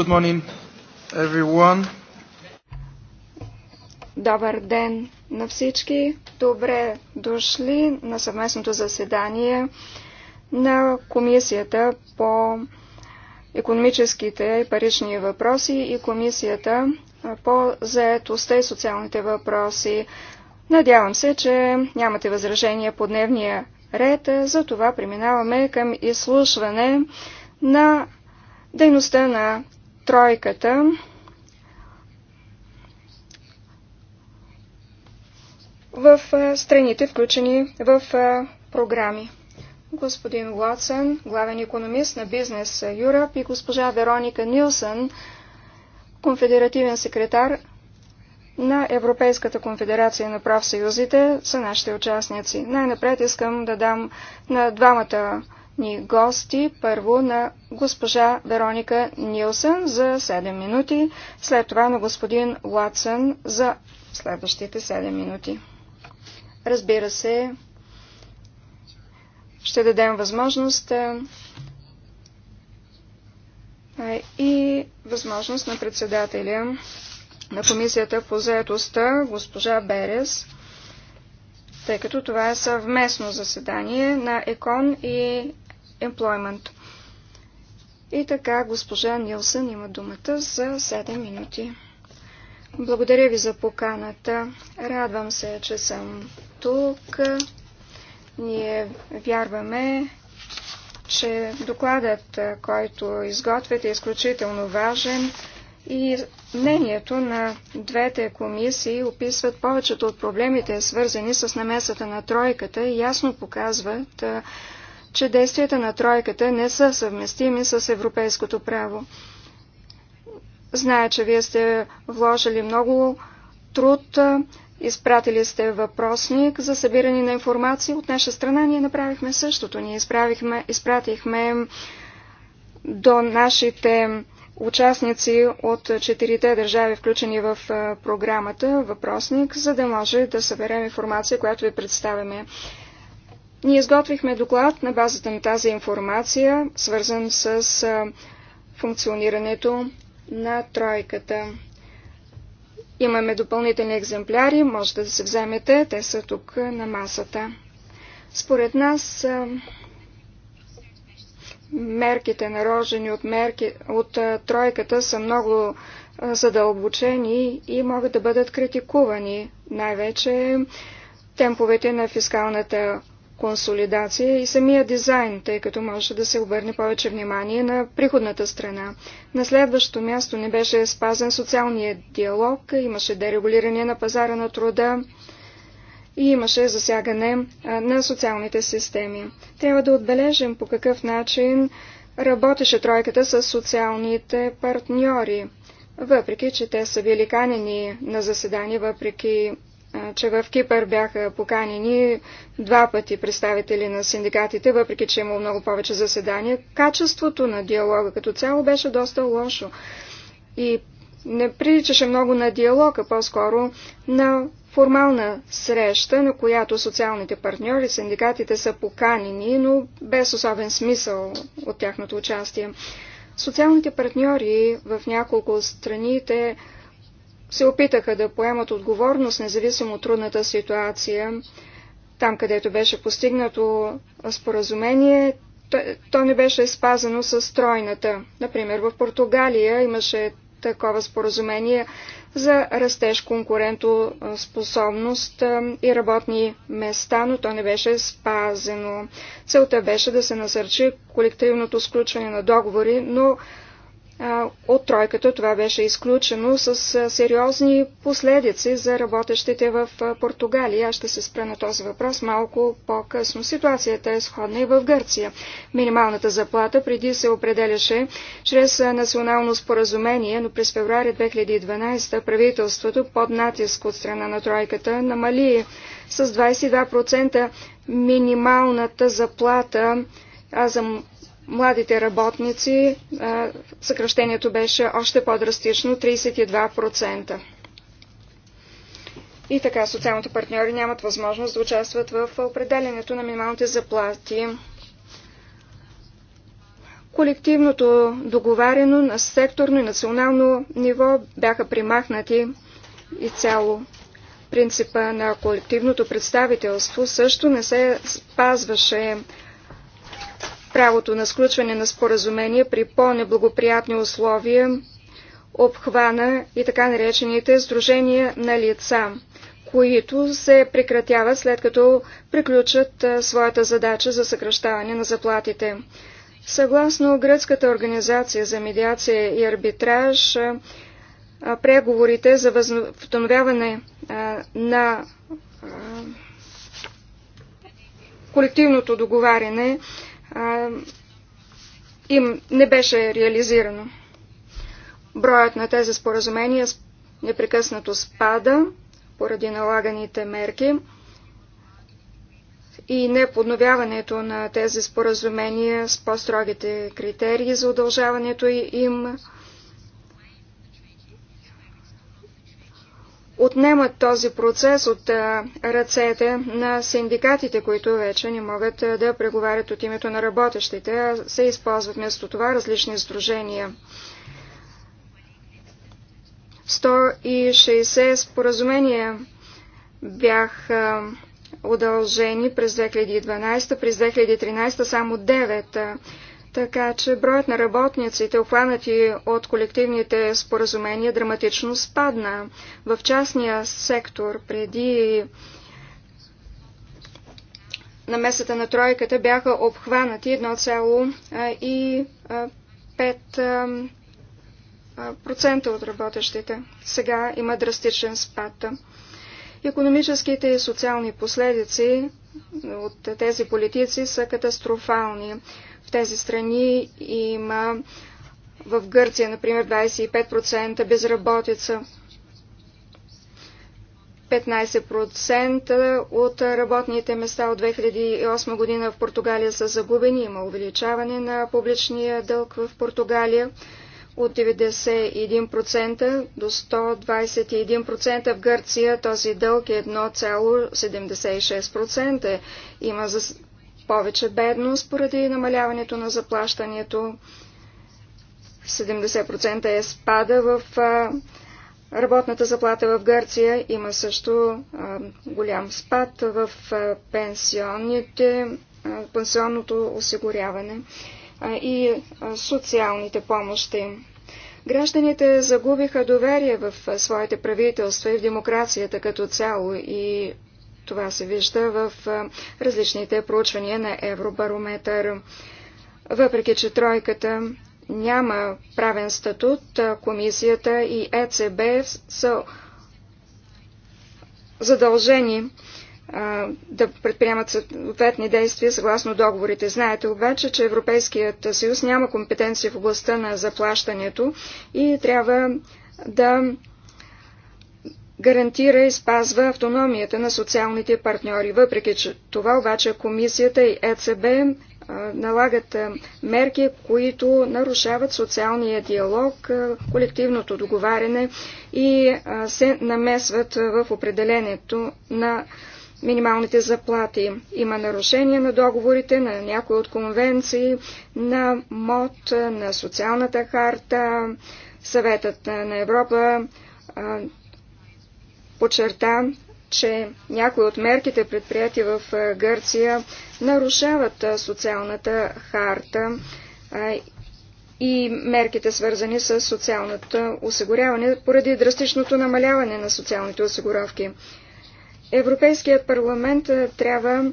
Good morning, everyone. Добър ден на всички. Добре дошли на съвместното заседание на Комисията по економическите и парични въпроси и Комисията по заетостта и социалните въпроси. Надявам се, че нямате възражения по дневния ред, за това преминаваме към изслушване на дейността на тройката в страните, включени в програми. Господин Уотсън, главен економист на Бизнес Юрап и госпожа Вероника Нилсън, конфедеративен секретар на Европейската конфедерация на правсъюзите, са нашите участници. Най-напред искам да дам на двамата ни гости. Първо на госпожа Вероника Нилсън за 7 минути, след това на господин Уатсън за следващите 7 минути. Разбира се, ще дадем възможност и възможност на председателя на комисията по заедостта, госпожа Берес, тъй като това е съвместно заседание на ЕКОН и Employment. И така, госпожа Нилсън има думата за 7 минути. Благодаря ви за поканата. Радвам се, че съм тук. Ние вярваме, че докладът, който изготвяте, е изключително важен и мнението на двете комисии описват повечето от проблемите, свързани с намесата на тройката и ясно показват че действията на тройката не са съвместими с европейското право. Зная, че вие сте вложили много труд, изпратили сте въпросник за събиране на информация. От наша страна ние направихме същото. Ние изправихме, изпратихме до нашите участници от четирите държави, включени в програмата, въпросник, за да може да съберем информация, която ви представяме. Ние изготвихме доклад на базата на тази информация, свързан с функционирането на тройката. Имаме допълнителни екземпляри, можете да се вземете, те са тук на масата. Според нас мерките, нарожени от, мерки, от тройката, са много задълбочени и могат да бъдат критикувани, най-вече темповете на фискалната консолидация и самия дизайн, тъй като може да се обърне повече внимание на приходната страна. На следващото място не беше спазен социалния диалог, имаше дерегулиране на пазара на труда и имаше засягане на социалните системи. Трябва да отбележим по какъв начин работеше тройката с социалните партньори. Въпреки, че те са били канени на заседание, въпреки че в Кипър бяха поканени два пъти представители на синдикатите, въпреки че е имало много повече заседания. Качеството на диалога като цяло беше доста лошо и не приличаше много на диалог, а по-скоро на формална среща, на която социалните партньори, синдикатите са поканени, но без особен смисъл от тяхното участие. Социалните партньори в няколко страните се опитаха да поемат отговорност, независимо от трудната ситуация. Там, където беше постигнато споразумение, то не беше спазено с тройната. Например, в Португалия имаше такова споразумение за растеж конкурентоспособност и работни места, но то не беше спазено. Целта беше да се насърчи колективното сключване на договори, но от тройката. Това беше изключено с сериозни последици за работещите в Португалия. Аз ще се спра на този въпрос малко по-късно. Ситуацията е сходна и в Гърция. Минималната заплата преди се определяше чрез национално споразумение, но през февруари 2012 правителството под натиск от страна на тройката намали с 22% минималната заплата а за младите работници съкръщението беше още по-драстично 32%. И така социалните партньори нямат възможност да участват в определенето на минималните заплати. Колективното договарено на секторно и национално ниво бяха примахнати и цяло Принципа на колективното представителство също не се спазваше правото на сключване на споразумения при по-неблагоприятни условия обхвана и така наречените сдружения на лица, които се прекратяват след като приключат своята задача за съкръщаване на заплатите. Съгласно Гръцката организация за медиация и арбитраж, преговорите за възстановяване на колективното договаряне им не беше реализирано. Броят на тези споразумения непрекъснато спада поради налаганите мерки и неподновяването на тези споразумения с по-строгите критерии за удължаването им отнемат този процес от ръцете на синдикатите, които вече не могат да преговарят от името на работещите, а се използват вместо това различни сдружения. 160 споразумения бяха удължени през 2012, през 2013 само 9. Така че броят на работниците, обхванати от колективните споразумения, драматично спадна. В частния сектор преди намесата на тройката бяха обхванати 1,5% от работещите. Сега има драстичен спад. Економическите и социални последици от тези политици са катастрофални. В тези страни има в Гърция, например, 25% безработица. 15% от работните места от 2008 година в Португалия са загубени. Има увеличаване на публичния дълг в Португалия от 91% до 121%. В Гърция този дълг е 1,76%. Има повече бедност поради намаляването на заплащането. 70% е спада в работната заплата в Гърция. Има също голям спад в пенсионните, пенсионното осигуряване и социалните помощи. Гражданите загубиха доверие в своите правителства и в демокрацията като цяло и това се вижда в различните проучвания на Евробарометър. Въпреки, че тройката няма правен статут, комисията и ЕЦБ са задължени да предприемат съответни действия съгласно договорите. Знаете обаче, че Европейският съюз няма компетенции в областта на заплащането и трябва да гарантира и спазва автономията на социалните партньори. Въпреки че това обаче комисията и ЕЦБ налагат мерки, които нарушават социалния диалог, колективното договаряне и се намесват в определението на минималните заплати. Има нарушение на договорите, на някои от конвенции, на МОД, на социалната харта, съветът на Европа подчерта, че някои от мерките предприяти в е, Гърция нарушават е, социалната харта е, и мерките свързани с социалното осигуряване поради драстичното намаляване на социалните осигуровки. Европейският парламент трябва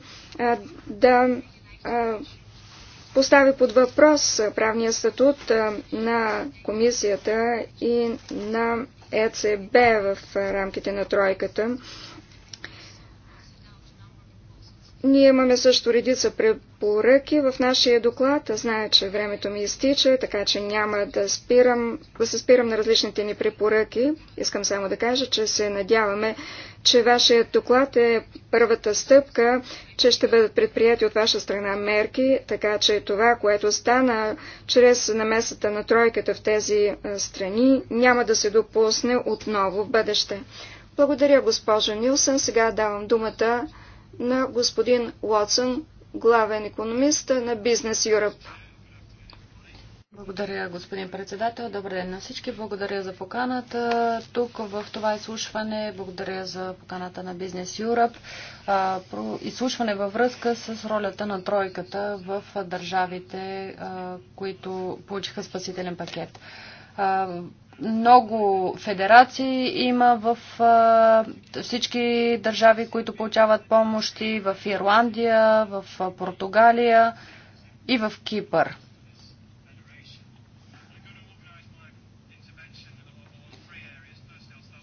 да постави под въпрос правния статут на комисията и на ЕЦБ в рамките на тройката. Ние имаме също редица препоръки в нашия доклад. Зная, че времето ми изтича, така че няма да, спирам, да се спирам на различните ни препоръки. Искам само да кажа, че се надяваме, че вашият доклад е първата стъпка, че ще бъдат предприяти от ваша страна мерки, така че това, което стана чрез намесата на тройката в тези страни, няма да се допусне отново в бъдеще. Благодаря, госпожа Нилсън. Сега давам думата на господин Уотсън, главен економист на Бизнес Europe. Благодаря, господин председател. Добър ден на всички. Благодаря за поканата тук в това изслушване. Благодаря за поканата на Бизнес Юрап. Изслушване във връзка с ролята на тройката в държавите, които получиха спасителен пакет. Много федерации има в всички държави, които получават помощи в Ирландия, в Португалия и в Кипър.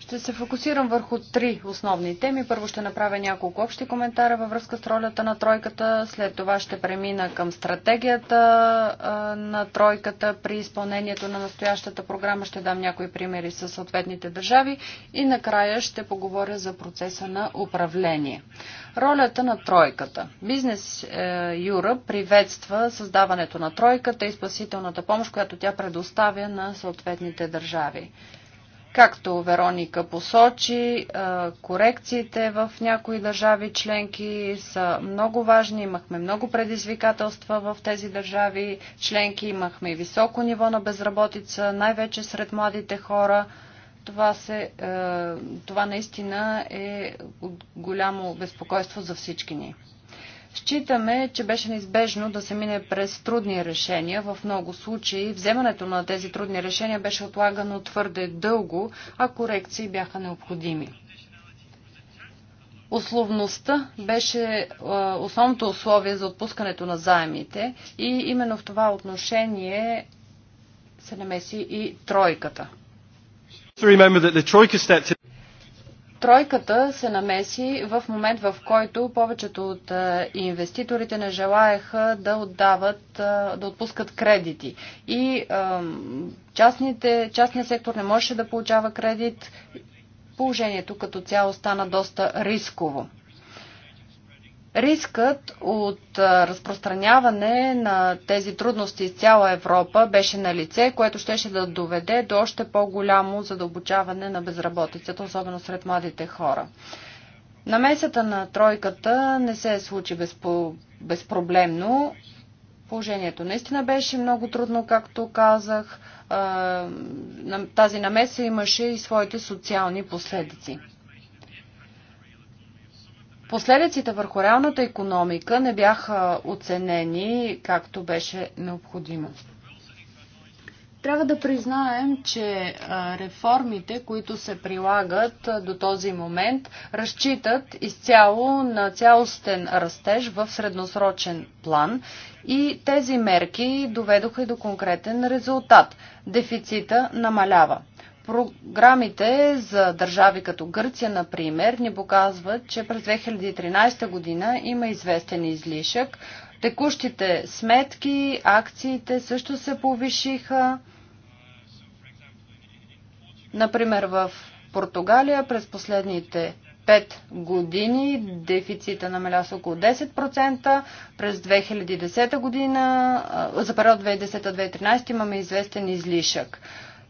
Ще се фокусирам върху три основни теми. Първо ще направя няколко общи коментара във връзка с ролята на тройката. След това ще премина към стратегията на тройката при изпълнението на настоящата програма. Ще дам някои примери с съответните държави. И накрая ще поговоря за процеса на управление. Ролята на тройката. Бизнес Юра е, приветства създаването на тройката и спасителната помощ, която тя предоставя на съответните държави. Както Вероника посочи, корекциите в някои държави членки са много важни. Имахме много предизвикателства в тези държави членки. Имахме и високо ниво на безработица, най-вече сред младите хора. Това, се, това наистина е голямо безпокойство за всички ни. Считаме, че беше неизбежно да се мине през трудни решения. В много случаи вземането на тези трудни решения беше отлагано твърде дълго, а корекции бяха необходими. Условността беше е, основното условие за отпускането на заемите и именно в това отношение се намеси и тройката. Тройката се намеси в момент, в който повечето от е, инвеститорите не желаяха да отдават, е, да отпускат кредити. И частните, частният сектор не можеше да получава кредит. Положението като цяло стана доста рисково. Рискът от разпространяване на тези трудности из цяла Европа беше на лице, което щеше да доведе до още по-голямо задълбочаване на безработицата, особено сред младите хора. Намесата на тройката не се случи безпроблемно. Положението наистина беше много трудно, както казах. Тази намеса имаше и своите социални последици. Последиците върху реалната економика не бяха оценени както беше необходимо. Трябва да признаем, че реформите, които се прилагат до този момент, разчитат изцяло на цялостен растеж в средносрочен план и тези мерки доведоха и до конкретен резултат. Дефицита намалява. Програмите за държави като Гърция, например, ни показват, че през 2013 година има известен излишък. Текущите сметки, акциите също се повишиха. Например, в Португалия през последните 5 години дефицита намаля с около 10%. През 2010 година, за период 2010-2013 имаме известен излишък.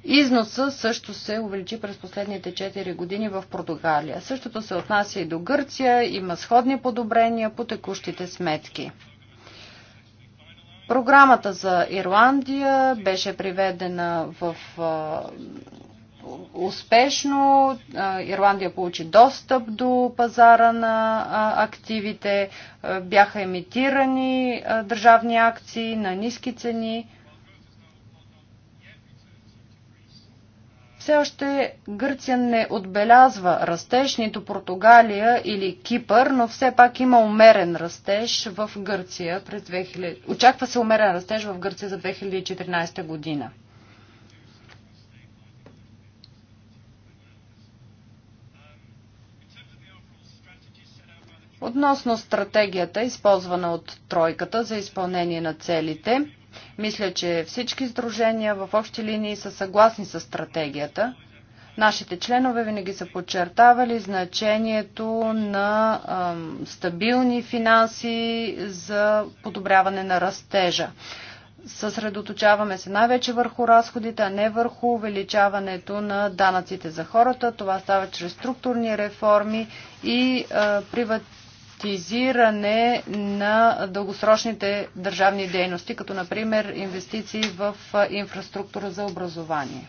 Износа също се увеличи през последните 4 години в Португалия. Същото се отнася и до Гърция. Има сходни подобрения по текущите сметки. Програмата за Ирландия беше приведена в успешно. Ирландия получи достъп до пазара на активите. Бяха емитирани държавни акции на ниски цени. Все още Гърция не отбелязва растеж, нито Португалия или Кипър, но все пак има умерен растеж в Гърция през 2000... Очаква се умерен растеж в Гърция за 2014 година. Относно стратегията, използвана от тройката за изпълнение на целите, мисля, че всички сдружения в общи линии са съгласни с стратегията. Нашите членове винаги са подчертавали значението на а, стабилни финанси за подобряване на растежа. Съсредоточаваме се най-вече върху разходите, а не върху увеличаването на данъците за хората. Това става чрез структурни реформи и а, приват приоритизиране на дългосрочните държавни дейности, като например инвестиции в инфраструктура за образование.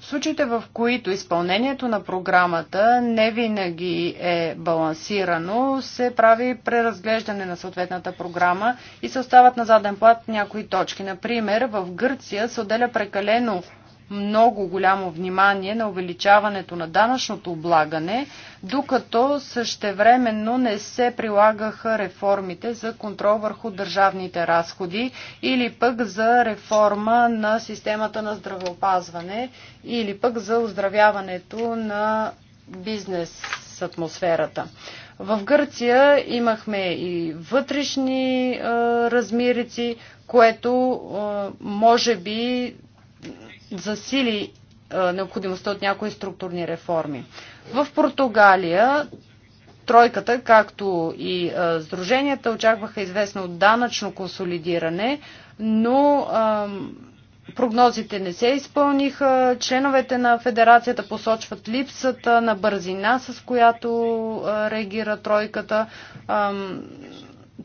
случаите, в които изпълнението на програмата не винаги е балансирано, се прави преразглеждане на съответната програма и се остават на заден плат някои точки. Например, в Гърция се отделя прекалено много голямо внимание на увеличаването на данъчното облагане, докато същевременно не се прилагаха реформите за контрол върху държавните разходи или пък за реформа на системата на здравеопазване или пък за оздравяването на бизнес с атмосферата. В Гърция имахме и вътрешни а, размирици, което може би засили необходимостта от някои структурни реформи. В Португалия тройката, както и сдруженията, очакваха известно данъчно консолидиране, но прогнозите не се изпълниха. Членовете на федерацията посочват липсата на бързина, с която реагира тройката.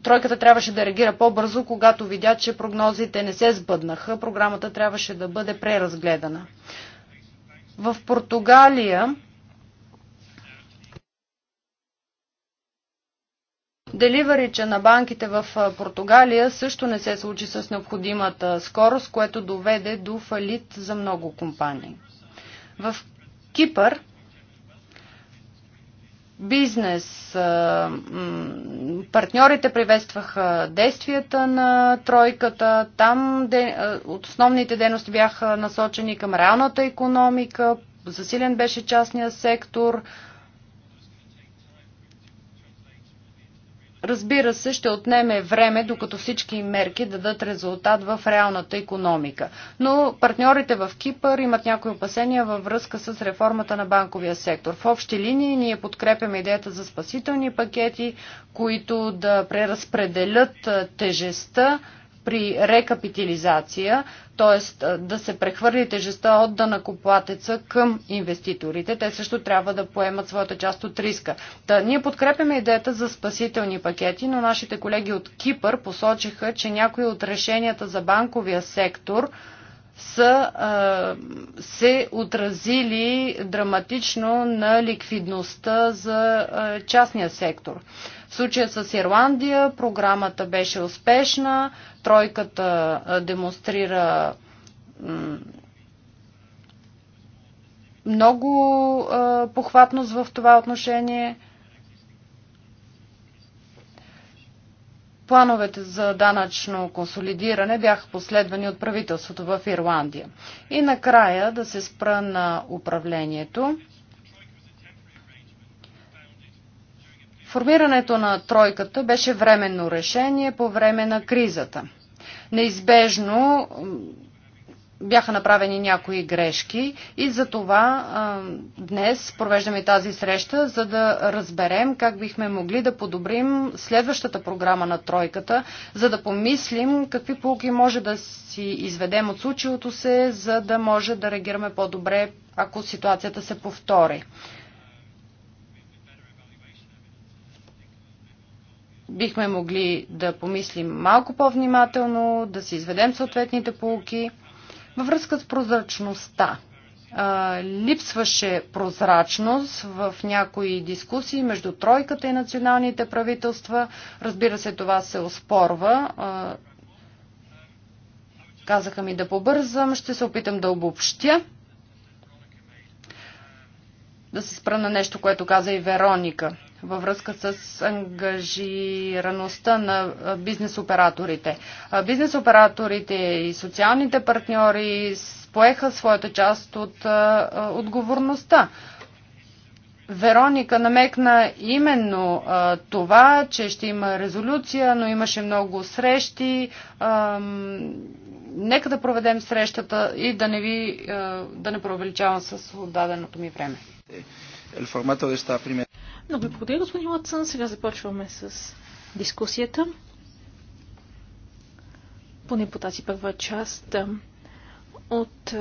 Тройката трябваше да реагира по-бързо, когато видя, че прогнозите не се сбъднаха. Програмата трябваше да бъде преразгледана. В Португалия Деливарича на банките в Португалия също не се случи с необходимата скорост, което доведе до фалит за много компании. В Кипър бизнес. Партньорите приветстваха действията на тройката. Там от основните дейности бяха насочени към реалната економика. Засилен беше частния сектор. Разбира се, ще отнеме време, докато всички мерки дадат резултат в реалната економика. Но партньорите в Кипър имат някои опасения във връзка с реформата на банковия сектор. В общи линии ние подкрепяме идеята за спасителни пакети, които да преразпределят тежестта при рекапитализация, т.е. да се прехвърли тежестта от данакоплатеца към инвеститорите. Те също трябва да поемат своята част от риска. Та, ние подкрепяме идеята за спасителни пакети, но нашите колеги от Кипър посочиха, че някои от решенията за банковия сектор са а, се отразили драматично на ликвидността за а, частния сектор случая с Ирландия програмата беше успешна, тройката демонстрира много похватност в това отношение. Плановете за данъчно консолидиране бяха последвани от правителството в Ирландия. И накрая да се спра на управлението. Формирането на тройката беше временно решение по време на кризата. Неизбежно бяха направени някои грешки и за това днес провеждаме тази среща, за да разберем как бихме могли да подобрим следващата програма на тройката, за да помислим какви полки може да си изведем от случилото се, за да може да реагираме по-добре, ако ситуацията се повтори. бихме могли да помислим малко по-внимателно, да си изведем съответните полуки. Във връзка с прозрачността. Липсваше прозрачност в някои дискусии между тройката и националните правителства. Разбира се, това се оспорва. Казаха ми да побързам, ще се опитам да обобщя. Да се спра на нещо, което каза и Вероника във връзка с ангажираността на бизнес операторите. Бизнес операторите и социалните партньори поеха своята част от отговорността. Вероника намекна именно а, това, че ще има резолюция, но имаше много срещи. А, нека да проведем срещата и да не ви а, да не преувеличавам с отдаденото ми време. El е, de esta много благодаря, господин Латсън. Сега започваме с дискусията. Поне по тази първа част от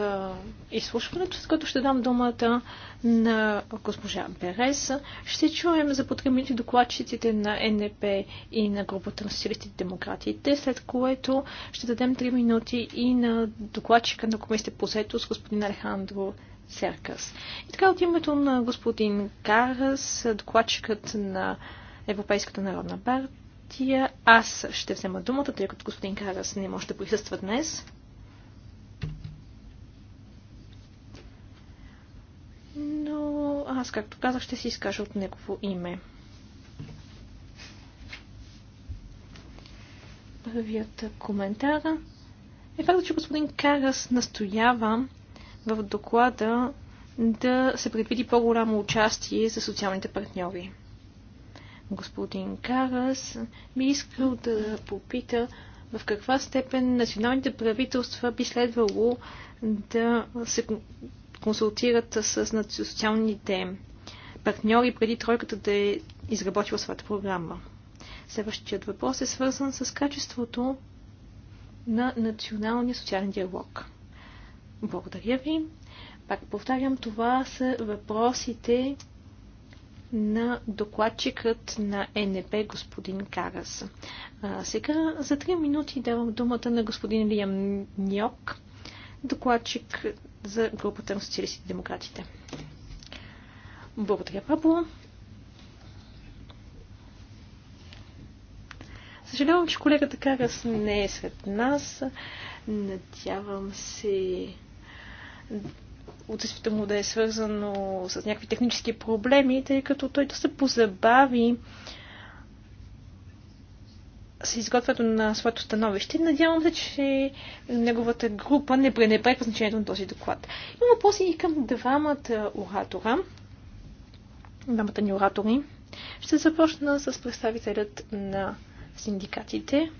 изслушването, с което ще дам думата на госпожа Берес. Ще чуем за потребните докладчиците на НП и на групата на социалистите демократите, след което ще дадем 3 минути и на докладчика на комисията по с господин Алехандро Серкас. И така от името на господин Карас, докладчикът на Европейската народна партия, аз ще взема думата, тъй като господин Карас не може да присъства днес. Но аз, както казах, ще си изкажа от негово име. Първият коментар е факт, че господин Карас настоява в доклада да се предвиди по-голямо участие за социалните партньори. Господин Карас би искал да попита в каква степен националните правителства би следвало да се консултират с социалните партньори преди тройката да е изработила своята програма. Следващият въпрос е свързан с качеството на националния социален диалог. Благодаря ви. Пак повтарям, това са въпросите на докладчикът на НП господин Карас. А, сега за 3 минути давам думата на господин Лиам Ньок, докладчик за групата на социалистите и демократите. Благодаря, Пабло. Съжалявам, че колегата Карас не е сред нас. Надявам се отсъствието му да е свързано с някакви технически проблеми, тъй като той да се позабави с изготвянето на своето становище. Надявам се, че неговата група не пренебрегва значението на този доклад. Има въпроси и към двамата оратора. Двамата ни оратори. Ще започна с представителят на синдикатите.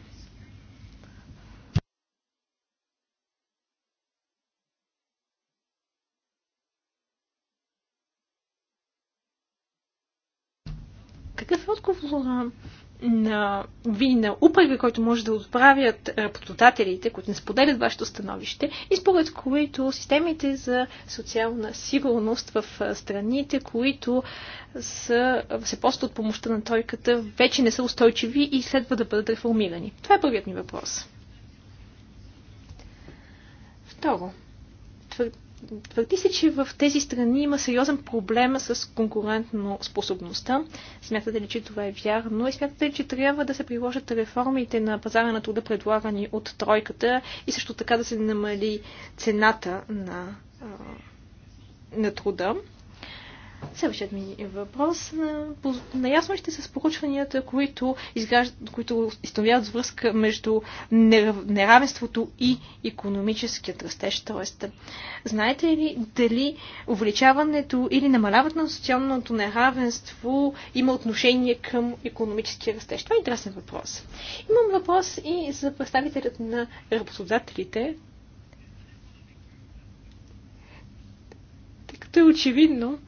отговора на, ви, на който може да отправят е, работодателите, които не споделят вашето становище и според които системите за социална сигурност в е, страните, които са, се постат от помощта на тройката, вече не са устойчиви и следва да бъдат реформирани. Това е първият ми въпрос. Второ, твърд... Твърди се, че в тези страни има сериозен проблем с конкурентно способността. Смятате ли, че това е вярно? И смятате ли, че трябва да се приложат реформите на пазара на труда, предлагани от тройката и също така да се намали цената на, на труда? Следващият ми въпрос. Наясно ще с поручванията, които, изграждат, които изстановяват връзка между неравенството и економическият растеж. Тоест, знаете ли дали увеличаването или намаляването на социалното неравенство има отношение към економическия растеж? Това е интересен въпрос. Имам въпрос и за представителят на работодателите, като е очевидно,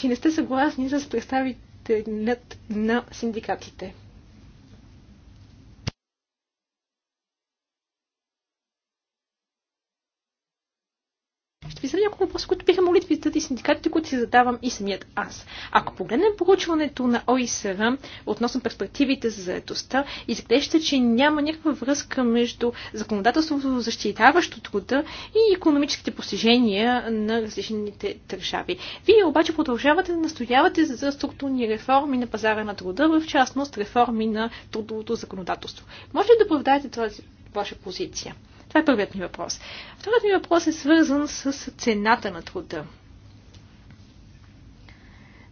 че не сте съгласни с представителят на синдикатите. ще ви задам няколко въпроса, които биха могли да ви зададат и синдикатите, които си задавам и самият аз. Ако погледнем проучването на ОИСР относно перспективите за заедостта, изглежда, че няма някаква връзка между законодателството, защитаващо труда и економическите постижения на различните държави. Вие обаче продължавате да настоявате за структурни реформи на пазара на труда, в частност реформи на трудовото законодателство. Може ли да оправдаете тази ваша позиция? Това е първият ми въпрос. Вторият ми въпрос е свързан с цената на труда.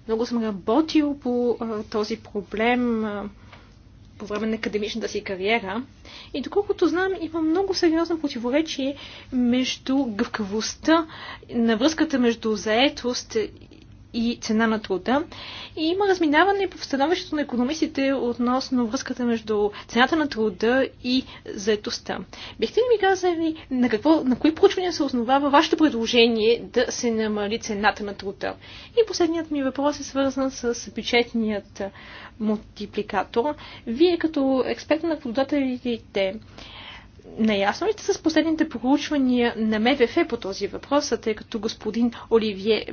Много съм работил по а, този проблем а, по време на академичната си кариера. И доколкото знам, има много сериозно противоречие между гъвкавостта на връзката между заетост и цена на труда. И има разминаване в становището на економистите относно връзката между цената на труда и заетостта. Бихте ли ми казали на, какво, на кои проучвания се основава вашето предложение да се намали цената на труда? И последният ми въпрос е свързан с бюджетният мултипликатор. Вие като експерт на продателите, наясно ли сте с последните проучвания на МВФ по този въпрос, тъй като господин Оливие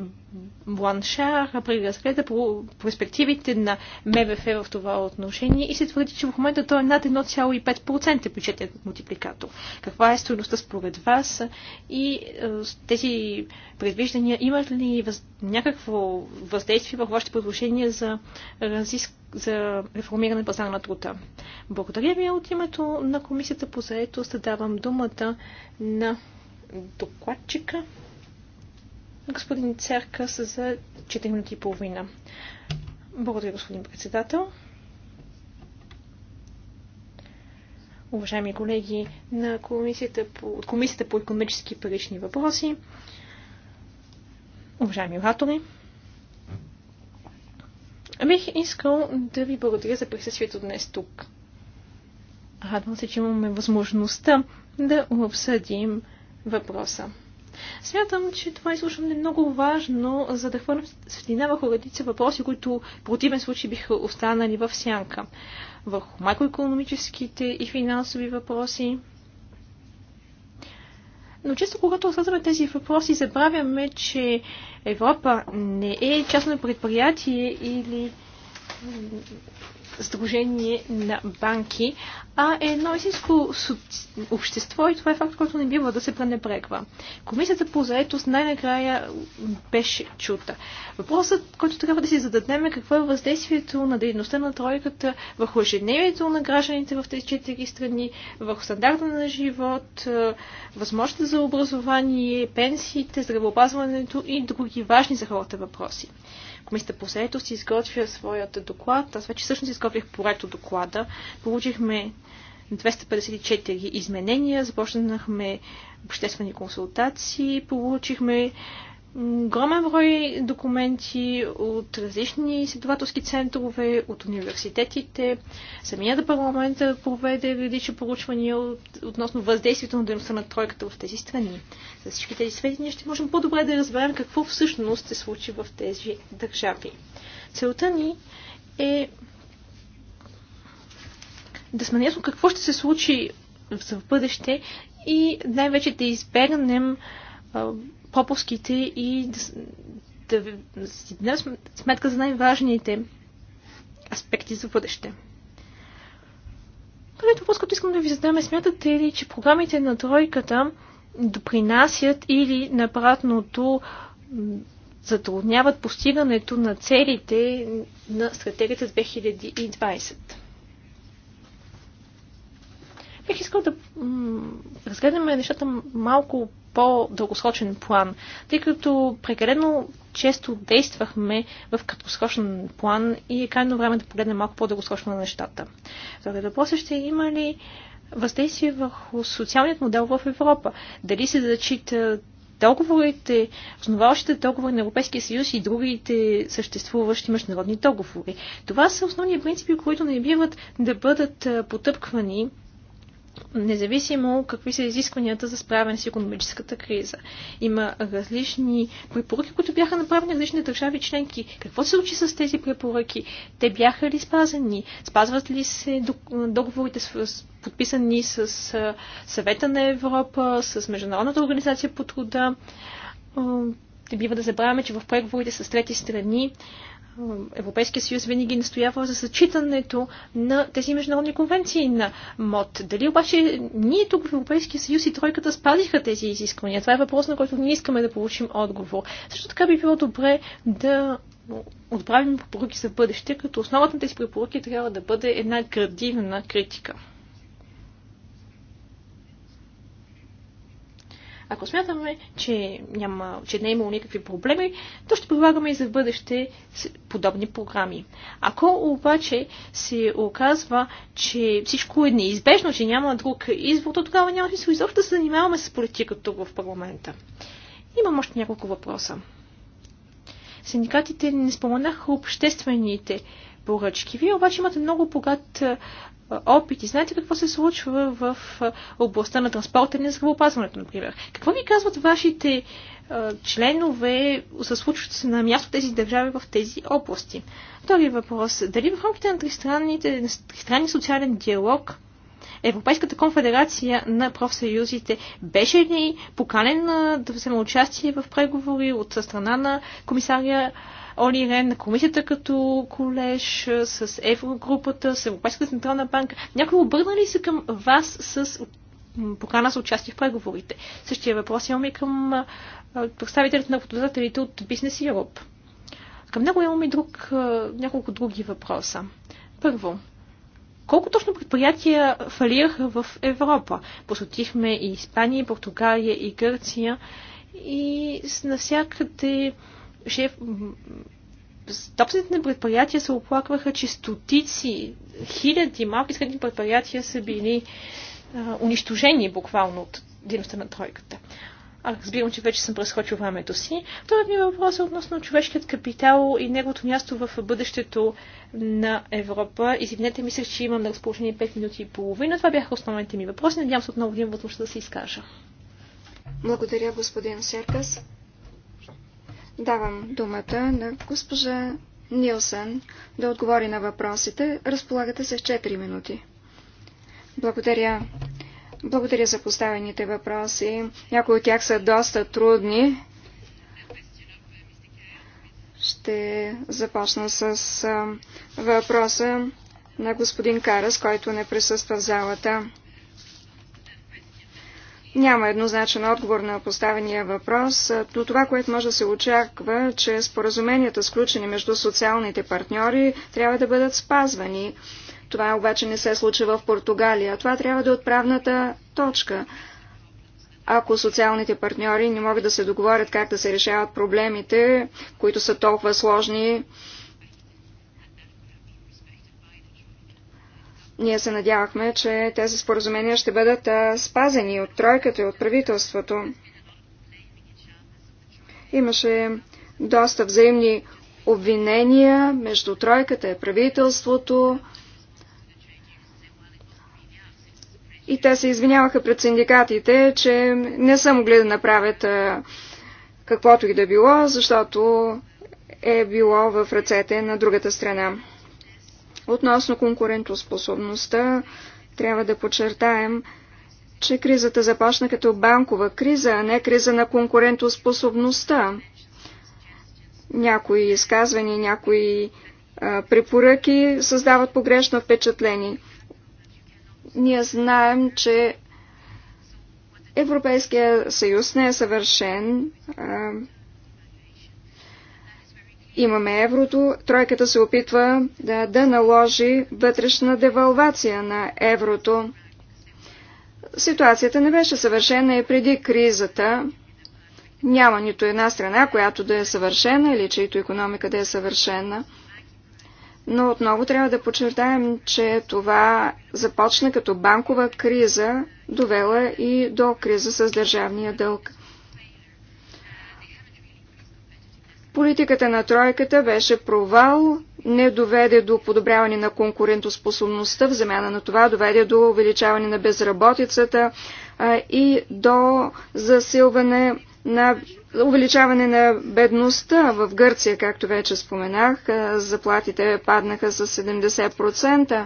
Бланшар преразгледа по перспективите на МВФ в това отношение и се твърди, че в момента той е над 1,5% бюджетен мультипликатор. Каква е стоеността според вас и е, тези предвиждания имат ли въз... някакво въздействие в вашите предложения за разискване за реформиране на пазара на труда. Благодаря ви от името на Комисията по заетост. Давам думата на докладчика господин Церкас за 4 минути и половина. Благодаря, господин председател. Уважаеми колеги на комисията по, от Комисията по економически и парични въпроси, уважаеми оратори, Бих искал да ви благодаря за присъствието днес тук. Радвам се, че имаме възможността да обсъдим въпроса. Смятам, че това изслушване е много важно, за да хвърлям светлина върху редица въпроси, които в противен случай биха останали в сянка. Върху макроекономическите и финансови въпроси, но често когато разглеждаме тези въпроси, забравяме, че Европа не е частно предприятие или сдружение на банки, а е едно истинско общество и това е факт, който не бива да се пренебрегва. Комисията по заетост най-накрая беше чута. Въпросът, който трябва да си зададем е какво е въздействието на дейността на тройката върху ежедневието на гражданите в тези четири страни, върху стандарта на живот, е, възможността за образование, пенсиите, здравеопазването и други важни за хората въпроси. Комисията по си изготвя своят доклад. Аз вече всъщност изготвих проекто доклада. Получихме 254 изменения, започнахме обществени консултации, получихме огромен брой документи от различни изследователски центрове, от университетите. Самият парламент проведе редича поручвания относно въздействието на дейността на тройката в тези страни. С всички тези сведения ще можем по-добре да разберем какво всъщност се случи в тези държави. Целта ни е да сме ясно какво ще се случи в бъдеще и най-вече да избегнем пропуските и да, да си дадем сметка за най-важните аспекти за бъдеще. Първият въпрос, който искам да ви задам е, смятате ли, че програмите на тройката допринасят или направното затрудняват постигането на целите на стратегията 2020? Бих искал да разгледаме нещата малко по-дългосрочен план, тъй като прекалено често действахме в краткосрочен план и е крайно време да погледнем малко по-дългосрочно на нещата. Заради въпрос е ще има ли въздействие върху социалният модел в Европа? Дали се зачитат договорите, основаващите договори на Европейския съюз и другите съществуващи международни договори. Това са основни принципи, които не биват да бъдат потъпквани независимо какви са изискванията за справяне с економическата криза. Има различни препоръки, които бяха направени в различни държави членки. Какво се случи с тези препоръки? Те бяха ли спазени? Спазват ли се договорите с подписани с Съвета на Европа, с Международната организация по труда? Не бива да забравяме, че в преговорите с трети страни Европейския съюз винаги настоява за зачитането на тези международни конвенции на МОД. Дали обаче ние тук в Европейския съюз и тройката спазиха тези изисквания? Това е въпрос, на който ние искаме да получим отговор. Също така би било добре да отправим препоръки за бъдеще, като основата на тези препоръки трябва да бъде една градивна критика. Ако смятаме, че, няма, че не е имало никакви проблеми, то ще предлагаме и за бъдеще подобни програми. Ако обаче се оказва, че всичко е неизбежно, че няма друг избор, то тогава няма смисъл изобщо да се занимаваме с политиката тук в парламента. Имам още няколко въпроса. Синдикатите не споменаха обществените поръчки. Вие обаче имате много богат опит и знаете какво се случва в областта на транспорта и на здравеопазването, например. Какво ви казват вашите членове за случващото се на място тези държави в тези области? Втори въпрос. Дали в рамките на тристранни социален диалог Европейската конфедерация на профсъюзите беше ли поканена да вземе участие в преговори от страна на комисария Оли на комисията като колеж, с Еврогрупата, с Европейската централна банка. Някой обърна ли се към вас с покана за участие в преговорите? Същия въпрос имаме и към представителите на работодателите от Бизнес Европ. Към него имаме и друг, няколко други въпроса. Първо, колко точно предприятия фалираха в Европа? Посотихме и Испания, и Португалия, и Гърция. И навсякъде шеф, собствените на предприятия се оплакваха, че стотици, хиляди малки и средни предприятия са били а, унищожени буквално от дейността на тройката. А разбирам, че вече съм прескочил времето си. Вторият ми въпрос е относно човешкият капитал и неговото място в бъдещето на Европа. Извинете, мисля, че имам на разположение 5 минути и половина. Това бяха основните ми въпроси. Надявам се отново да имам възможност да се изкажа. Благодаря, господин Серкас. Давам думата на госпожа Нилсън да отговори на въпросите. Разполагате се в 4 минути. Благодаря. Благодаря за поставените въпроси. Някои от тях са доста трудни. Ще започна с въпроса на господин Карас, който не присъства в залата. Няма еднозначен отговор на поставения въпрос. До това, което може да се очаква, че споразуменията, сключени между социалните партньори, трябва да бъдат спазвани. Това обаче не се случва в Португалия. Това трябва да е отправната точка. Ако социалните партньори не могат да се договорят как да се решават проблемите, които са толкова сложни, Ние се надявахме, че тези споразумения ще бъдат спазени от тройката и от правителството. Имаше доста взаимни обвинения между тройката и правителството. И те се извиняваха пред синдикатите, че не са могли да направят каквото и да било, защото е било в ръцете на другата страна. Относно конкурентоспособността, трябва да подчертаем, че кризата започна като банкова криза, а не криза на конкурентоспособността. Някои изказвания, някои а, препоръки създават погрешно впечатление. Ние знаем, че Европейския съюз не е съвършен. А, Имаме еврото. Тройката се опитва да, да наложи вътрешна девалвация на еврото. Ситуацията не беше съвършена и преди кризата. Няма нито една страна, която да е съвършена или чието економика да е съвършена. Но отново трябва да подчертаем, че това започна като банкова криза, довела и до криза с държавния дълг. Политиката на тройката беше провал, не доведе до подобряване на конкурентоспособността, в замяна на това доведе до увеличаване на безработицата а, и до засилване на увеличаване на бедността в Гърция, както вече споменах, заплатите паднаха с 70%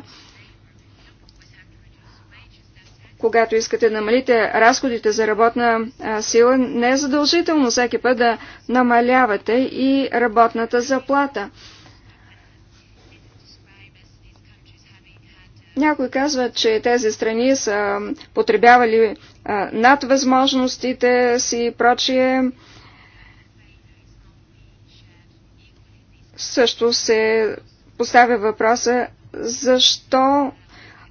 когато искате да намалите разходите за работна сила, не е задължително всеки път да намалявате и работната заплата. Някои казват, че тези страни са потребявали над възможностите си и прочие. Също се поставя въпроса защо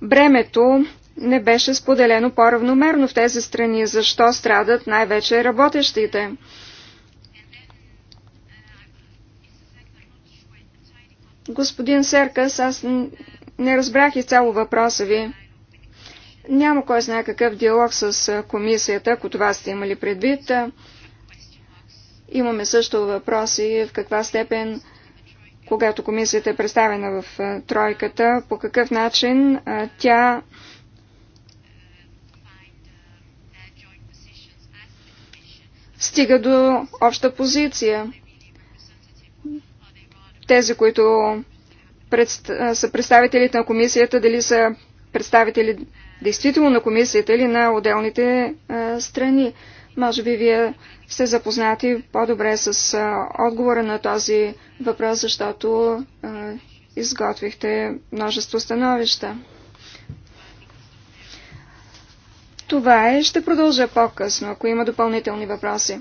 бремето не беше споделено по-равномерно в тези страни, защо страдат най-вече работещите. Господин Серкас, аз не разбрах изцяло въпроса ви. Няма кой знае какъв диалог с комисията, ако това сте имали предвид. Имаме също въпроси в каква степен, когато комисията е представена в тройката, по какъв начин тя стига до обща позиция. Тези, които пред, са представителите на комисията, дали са представители действително на комисията или на отделните а, е, страни. Може би вие сте запознати по-добре с а, е, отговора на този въпрос, защото а, е, изготвихте множество становища. Това е, ще продължа по-късно, ако има допълнителни въпроси.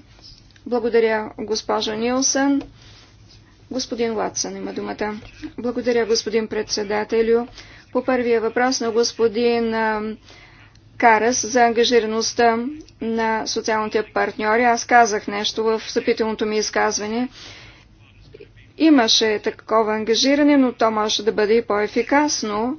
Благодаря, госпожа Нилсън. Господин Латсън има думата. Благодаря, господин председателю. По първия въпрос на господин Карас за ангажираността на социалните партньори. Аз казах нещо в съпителното ми изказване. Имаше такова ангажиране, но то може да бъде и по-ефикасно.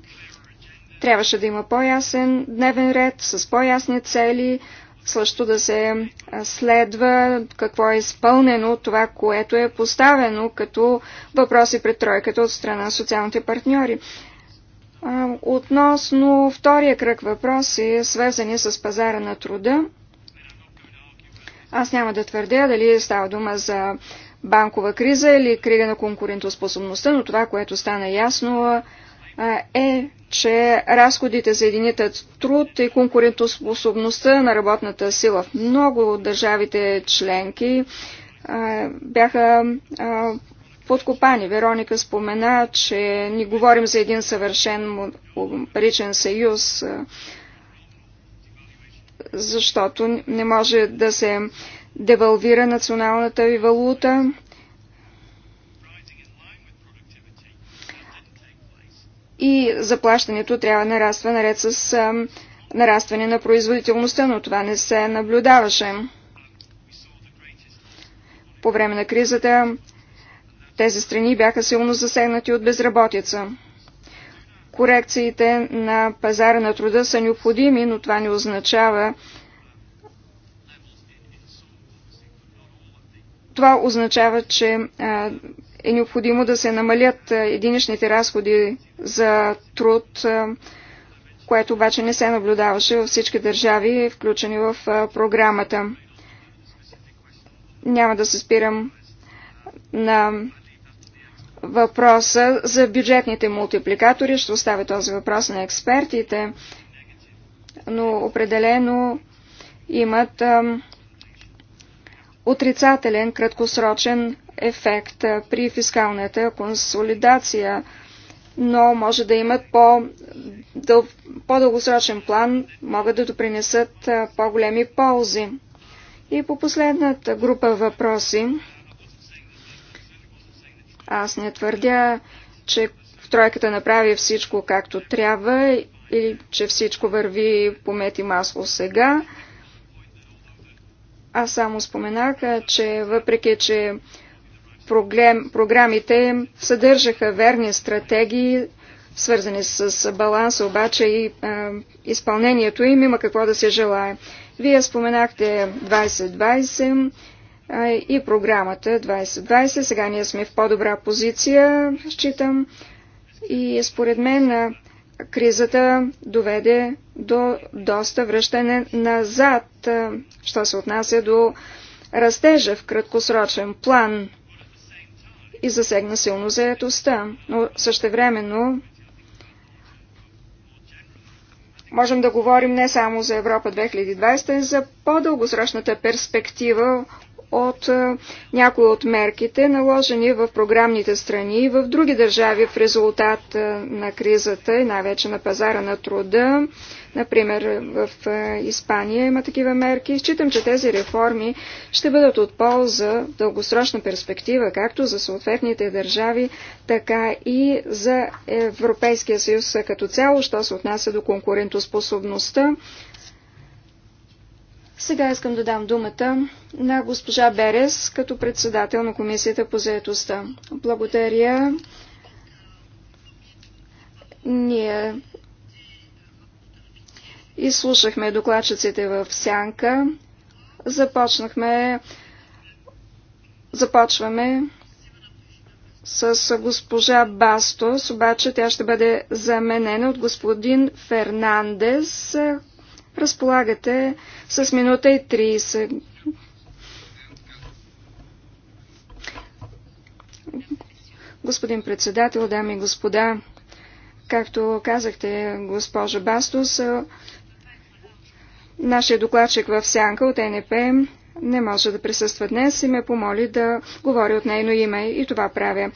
Трябваше да има по-ясен дневен ред с по-ясни цели, също да се следва какво е изпълнено това, което е поставено като въпроси пред тройката от страна на социалните партньори. Относно втория кръг въпроси, свързани с пазара на труда, аз няма да твърдя дали става дума за банкова криза или крига на конкурентоспособността, но това, което стана ясно е, че разходите за едините труд и конкурентоспособността на работната сила в много от държавите членки бяха подкопани. Вероника спомена, че ни говорим за един съвършен паричен съюз, защото не може да се девалвира националната ви валута, и заплащането трябва да нараства наред с нарастване на производителността, но това не се наблюдаваше. По време на кризата тези страни бяха силно засегнати от безработица. Корекциите на пазара на труда са необходими, но това не означава, Това означава, че е необходимо да се намалят единичните разходи за труд, което обаче не се наблюдаваше във всички държави, включени в програмата. Няма да се спирам на въпроса за бюджетните мултипликатори. Ще оставя този въпрос на експертите, но определено имат отрицателен краткосрочен ефект при фискалната консолидация, но може да имат по-дългосрочен план, могат да допринесат по-големи ползи. И по последната група въпроси, аз не твърдя, че тройката направи всичко както трябва или че всичко върви по мет и масло сега. Аз само споменах, че въпреки, че проблем, програмите съдържаха верни стратегии, свързани с баланса, обаче и е, изпълнението им има какво да се желае. Вие споменахте 2020 е, и програмата 2020. Сега ние сме в по-добра позиция, считам. И според мен кризата доведе до доста връщане назад, що се отнася до растежа в краткосрочен план и засегна силно заетостта. Но същевременно можем да говорим не само за Европа 2020, а и за по-дългосрочната перспектива от е, някои от мерките, наложени в програмните страни и в други държави в резултат е, на кризата и най-вече на пазара на труда. Например, в е, Испания има такива мерки. Считам, че тези реформи ще бъдат от полза в дългосрочна перспектива, както за съответните държави, така и за Европейския съюз като цяло, що се отнася до конкурентоспособността сега искам да дам думата на госпожа Берес като председател на Комисията по заедостта. Благодаря. Ние изслушахме докладчиците в сянка. Започнахме Започваме с госпожа Бастос, обаче тя ще бъде заменена от господин Фернандес, Разполагате с минута и 30. Господин председател, дами и господа, както казахте, госпожа Бастус, нашия докладчик в Сянка от НП не може да присъства днес и ме помоли да говори от нейно име и това правя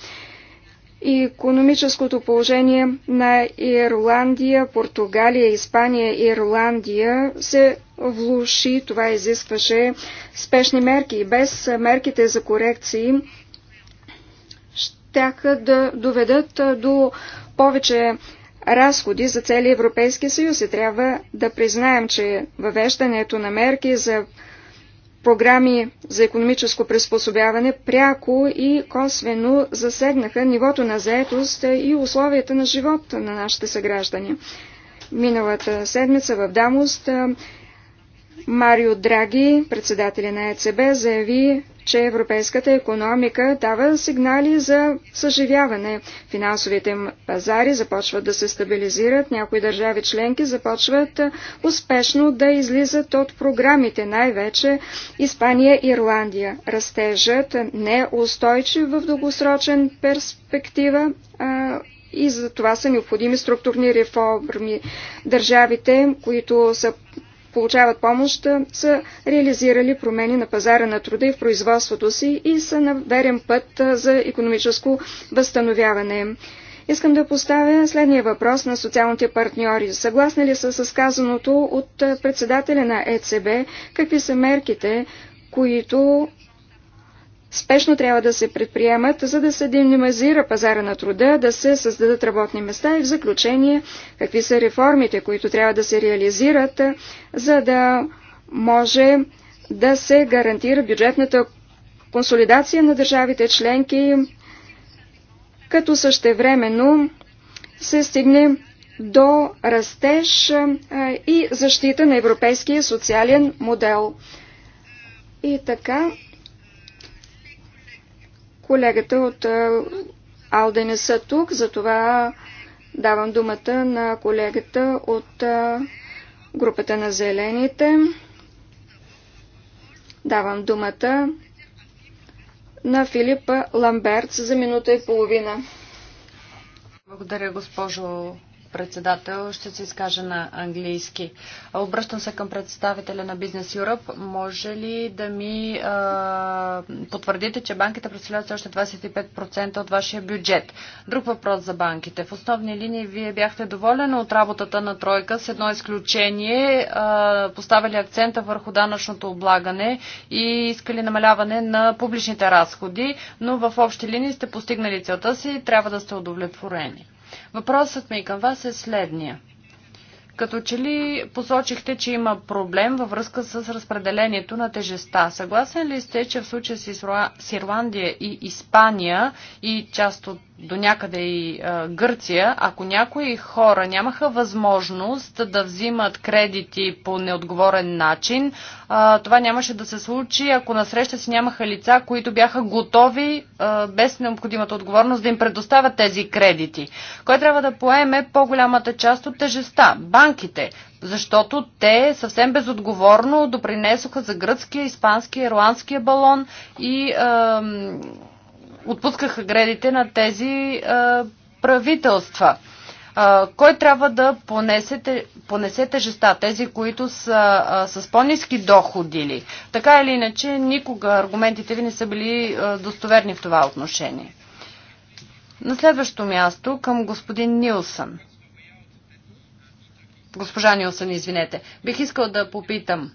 и економическото положение на Ирландия, Португалия, Испания и Ирландия се влуши. Това изискваше спешни мерки и без мерките за корекции щяха да доведат до повече разходи за целия Европейски съюз и трябва да признаем, че въвеждането на мерки за програми за економическо приспособяване пряко и косвено засегнаха нивото на заетост и условията на живот на нашите съграждани. Миналата седмица в Дамост Марио Драги, председателя на ЕЦБ, заяви, че европейската економика дава сигнали за съживяване. Финансовите пазари започват да се стабилизират, някои държави членки започват успешно да излизат от програмите, най-вече Испания и Ирландия. Растежът не е устойчив в дългосрочен перспектива а, и за това са необходими структурни реформи. Държавите, които са получават помощ, са реализирали промени на пазара на труда и в производството си и са на верен път за економическо възстановяване. Искам да поставя следния въпрос на социалните партньори. Съгласни ли са с казаното от председателя на ЕЦБ? Какви са мерките, които спешно трябва да се предприемат, за да се динамизира пазара на труда, да се създадат работни места и в заключение какви са реформите, които трябва да се реализират, за да може да се гарантира бюджетната консолидация на държавите членки, като същевременно се стигне до растеж и защита на европейския социален модел. И така, Колегата от е, Алде не са тук, затова давам думата на колегата от е, групата на зелените. Давам думата на Филип Ламберт за минута и половина. Благодаря, госпожо председател. Ще се изкажа на английски. Обръщам се към представителя на Бизнес Europe. Може ли да ми а, потвърдите, че банките представляват още 25% от вашия бюджет? Друг въпрос за банките. В основни линии вие бяхте доволен от работата на Тройка с едно изключение. А, поставили акцента върху данъчното облагане и искали намаляване на публичните разходи, но в общи линии сте постигнали целта си и трябва да сте удовлетворени. Въпросът ми към вас е следния. Като че ли посочихте, че има проблем във връзка с разпределението на тежеста? Съгласен ли сте, че в случая с Ирландия и Испания и част от до някъде и а, Гърция, ако някои хора нямаха възможност да взимат кредити по неотговорен начин, а, това нямаше да се случи, ако насреща си нямаха лица, които бяха готови а, без необходимата отговорност да им предоставят тези кредити. Кой трябва да поеме по-голямата част от тежеста? Банките, защото те съвсем безотговорно допринесоха за гръцкия, испанския, ирландския балон и... А, отпускаха гредите на тези а, правителства. А, кой трябва да понесете, понесе тежеста? Тези, които са а, с по-низки доходи ли? Така или иначе, никога аргументите ви не са били а, достоверни в това отношение. На следващо място към господин Нилсън. Госпожа Нилсън, извинете. Бих искал да попитам.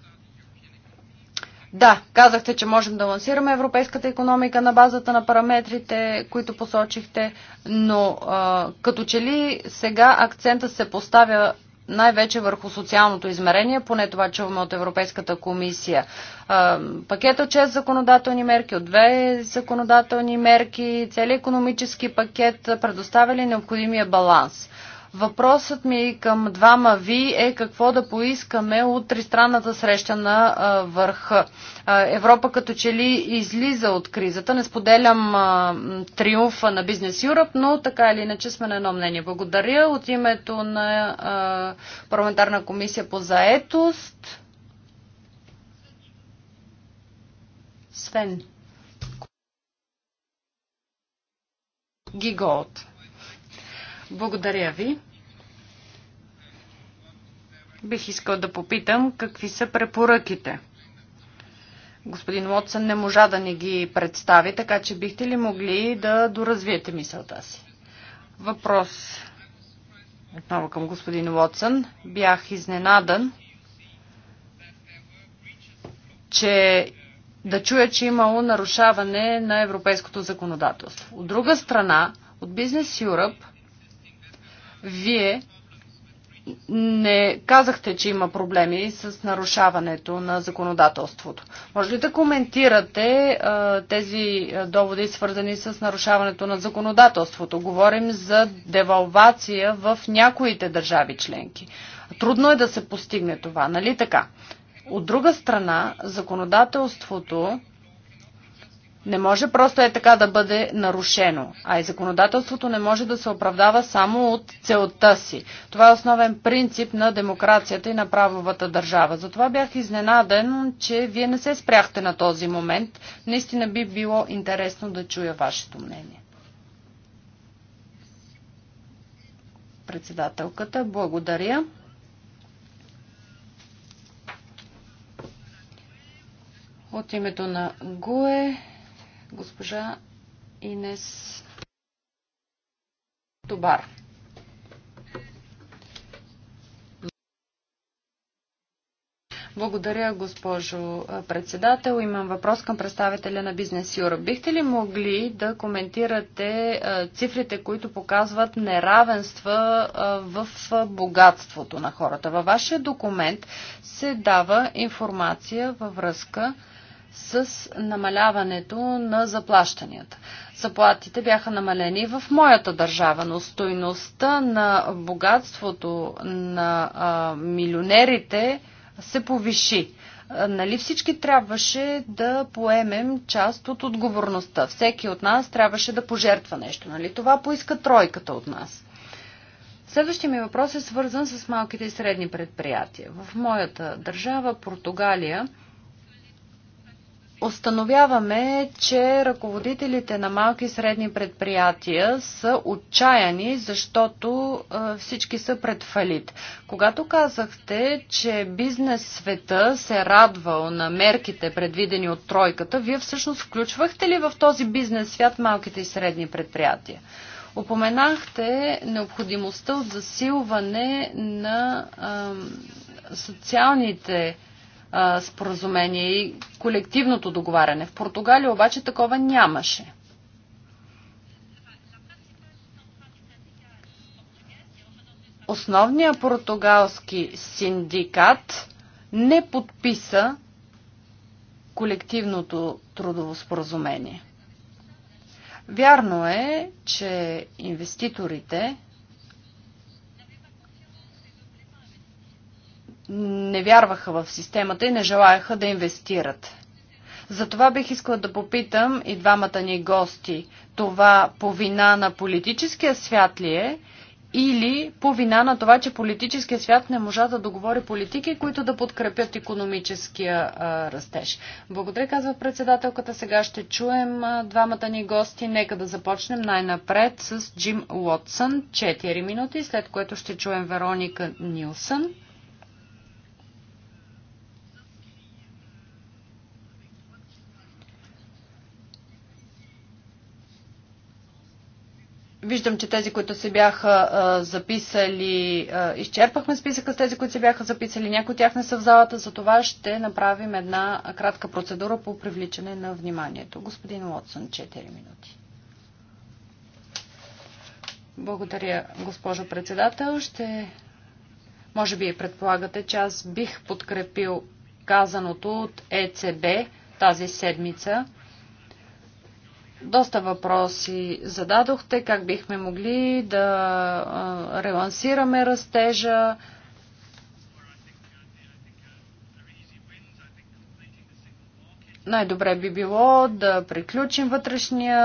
Да, казахте, че можем да лансираме европейската економика на базата на параметрите, които посочихте, но а, като че ли сега акцента се поставя най-вече върху социалното измерение, поне това чуваме от Европейската комисия. Пакет от 6 законодателни мерки, от две законодателни мерки, целият економически пакет предоставили необходимия баланс? Въпросът ми към двама ви е какво да поискаме от тристранната среща на върха. Европа като че ли излиза от кризата. Не споделям триумфа на Бизнес Юръп, но така или иначе сме на едно мнение. Благодаря от името на парламентарна комисия по заетост. Свен. Гиголт. Благодаря ви. Бих искал да попитам какви са препоръките. Господин Лотсън не можа да ни ги представи, така че бихте ли могли да доразвиете мисълта си? Въпрос отново към господин Лотсън. Бях изненадан, че да чуя, че имало нарушаване на европейското законодателство. От друга страна, от Business Europe, вие не казахте, че има проблеми с нарушаването на законодателството. Може ли да коментирате а, тези доводи, свързани с нарушаването на законодателството? Говорим за девалвация в някоите държави членки. Трудно е да се постигне това, нали така? От друга страна, законодателството не може просто е така да бъде нарушено, а и законодателството не може да се оправдава само от целта си. Това е основен принцип на демокрацията и на правовата държава. Затова бях изненаден, че вие не се спряхте на този момент. Наистина би било интересно да чуя вашето мнение. Председателката, благодаря. От името на ГУЕ Госпожа Инес Тобар. Благодаря, госпожо председател. Имам въпрос към представителя на Бизнес Юра. Бихте ли могли да коментирате цифрите, които показват неравенства в богатството на хората? Във вашия документ се дава информация във връзка с с намаляването на заплащанията. Заплатите бяха намалени в моята държава, но стойността на богатството на а, милионерите се повиши. А, нали всички трябваше да поемем част от отговорността? Всеки от нас трябваше да пожертва нещо. Нали? Това поиска тройката от нас. Следващия ми въпрос е свързан с малките и средни предприятия. В моята държава, Португалия, Установяваме, че ръководителите на малки и средни предприятия са отчаяни, защото всички са пред фалит. Когато казахте, че бизнес света се радвал на мерките, предвидени от тройката, вие всъщност включвахте ли в този бизнес свят малките и средни предприятия? Опоменахте необходимостта от засилване на а, социалните предприятия споразумение и колективното договаряне. В Португалия обаче такова нямаше. Основният португалски синдикат не подписа колективното трудово споразумение. Вярно е, че инвеститорите не вярваха в системата и не желаяха да инвестират. Затова бих искала да попитам и двамата ни гости. Това по вина на политическия свят ли е или по вина на това, че политическия свят не можа да договори политики, които да подкрепят економическия а, растеж. Благодаря, казва председателката. Сега ще чуем а, двамата ни гости. Нека да започнем най-напред с Джим Уотсън. 4 минути, след което ще чуем Вероника Нилсън. Виждам, че тези, които се бяха а, записали, а, изчерпахме списъка с тези, които се бяха записали. Някои от тях не са в залата, за това ще направим една кратка процедура по привличане на вниманието. Господин Лотсон, 4 минути. Благодаря, госпожо председател. Ще... Може би предполагате, че аз бих подкрепил казаното от ЕЦБ тази седмица – доста въпроси зададохте, как бихме могли да релансираме растежа. най-добре би било да приключим вътрешния,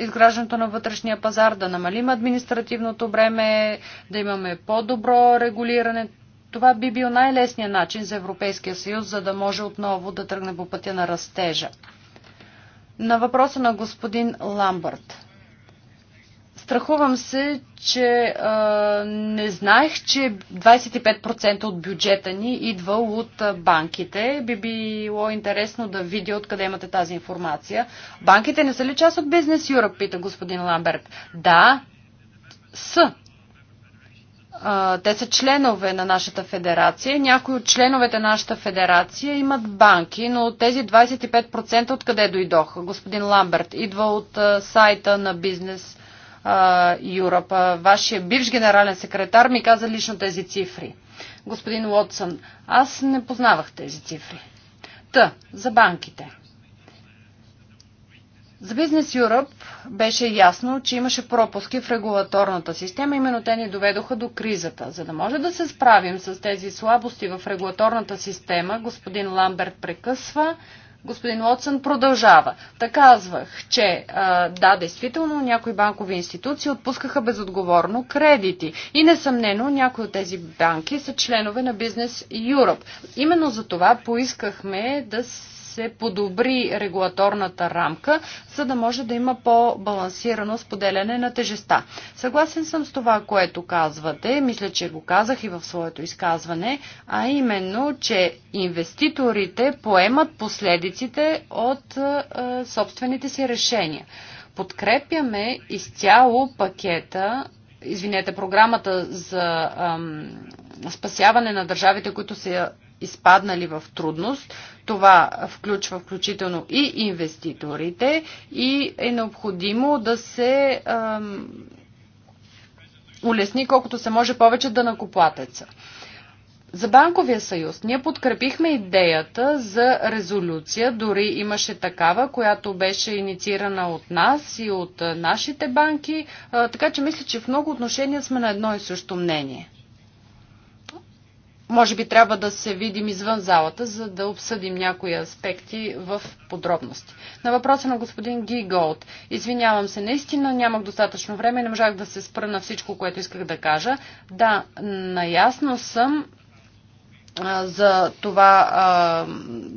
изграждането на вътрешния пазар, да намалим административното бреме, да имаме по-добро регулиране. Това би бил най-лесният начин за Европейския съюз, за да може отново да тръгне по пътя на растежа. На въпроса на господин Ламбърт. Страхувам се, че а, не знаех, че 25% от бюджета ни идва от банките. Би било интересно да видя откъде имате тази информация. Банките не са ли част от бизнес Europe, пита господин Ламберт. Да, са, те са членове на нашата федерация. Някои от членовете на нашата федерация имат банки, но тези 25% откъде дойдоха? Господин Ламберт идва от сайта на бизнес Европа. Вашия бивш генерален секретар ми каза лично тези цифри. Господин Уотсън, аз не познавах тези цифри. Та, за банките. За Бизнес Юръп беше ясно, че имаше пропуски в регулаторната система, именно те ни доведоха до кризата. За да може да се справим с тези слабости в регулаторната система, господин Ламберт прекъсва, господин Лотсън продължава. Та казвах, че да, действително някои банкови институции отпускаха безотговорно кредити. И несъмнено някои от тези банки са членове на Бизнес Юръп. Именно за това поискахме да се се подобри регулаторната рамка, за да може да има по-балансирано споделяне на тежеста. Съгласен съм с това, което казвате, мисля, че го казах и в своето изказване, а именно, че инвеститорите поемат последиците от е, собствените си решения. Подкрепяме изцяло пакета извинете, програмата за спасяване на държавите, които са изпаднали в трудност. Това включва включително и инвеститорите и е необходимо да се ам, улесни колкото се може повече да накоплатеца. За банковия съюз ние подкрепихме идеята за резолюция, дори имаше такава, която беше инициирана от нас и от нашите банки, така че мисля, че в много отношения сме на едно и също мнение. Може би трябва да се видим извън залата, за да обсъдим някои аспекти в подробности. На въпроса на господин Ги Голд. Извинявам се, наистина нямах достатъчно време, и не можах да се спра на всичко, което исках да кажа. Да, наясно съм, за това а,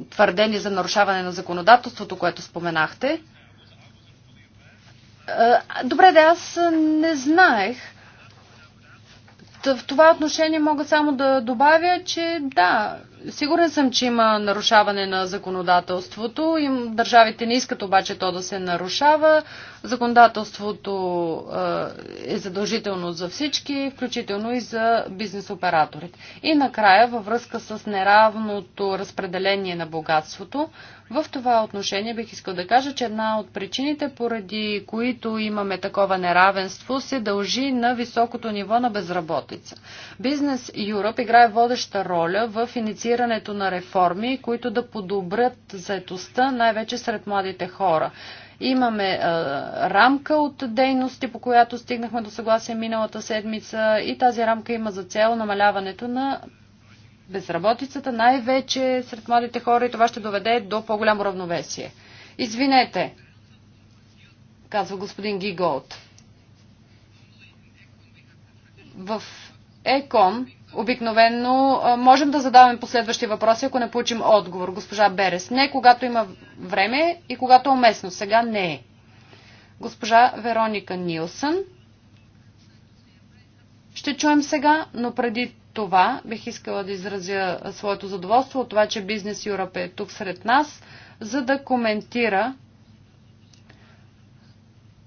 твърдение за нарушаване на законодателството, което споменахте. А, добре, да аз не знаех, в това отношение мога само да добавя, че да, сигурен съм, че има нарушаване на законодателството. И държавите не искат обаче то да се нарушава. Законодателството е задължително за всички, включително и за бизнес операторите. И накрая, във връзка с неравното разпределение на богатството, в това отношение бих искал да кажа, че една от причините, поради които имаме такова неравенство, се дължи на високото ниво на безработица. Бизнес Юроп играе водеща роля в инициирането на реформи, които да подобрят заетостта, най-вече сред младите хора. Имаме рамка от дейности, по която стигнахме до съгласие миналата седмица и тази рамка има за цел намаляването на безработицата, най-вече сред младите хора и това ще доведе до по-голямо равновесие. Извинете, казва господин Гиголт. В ЕКОМ обикновенно можем да задаваме последващи въпроси, ако не получим отговор. Госпожа Берес. Не, когато има време и когато е уместно. Сега не е. Госпожа Вероника Нилсън. Ще чуем сега, но преди това бих искала да изразя своето задоволство от това, че Бизнес Юрап е тук сред нас, за да коментира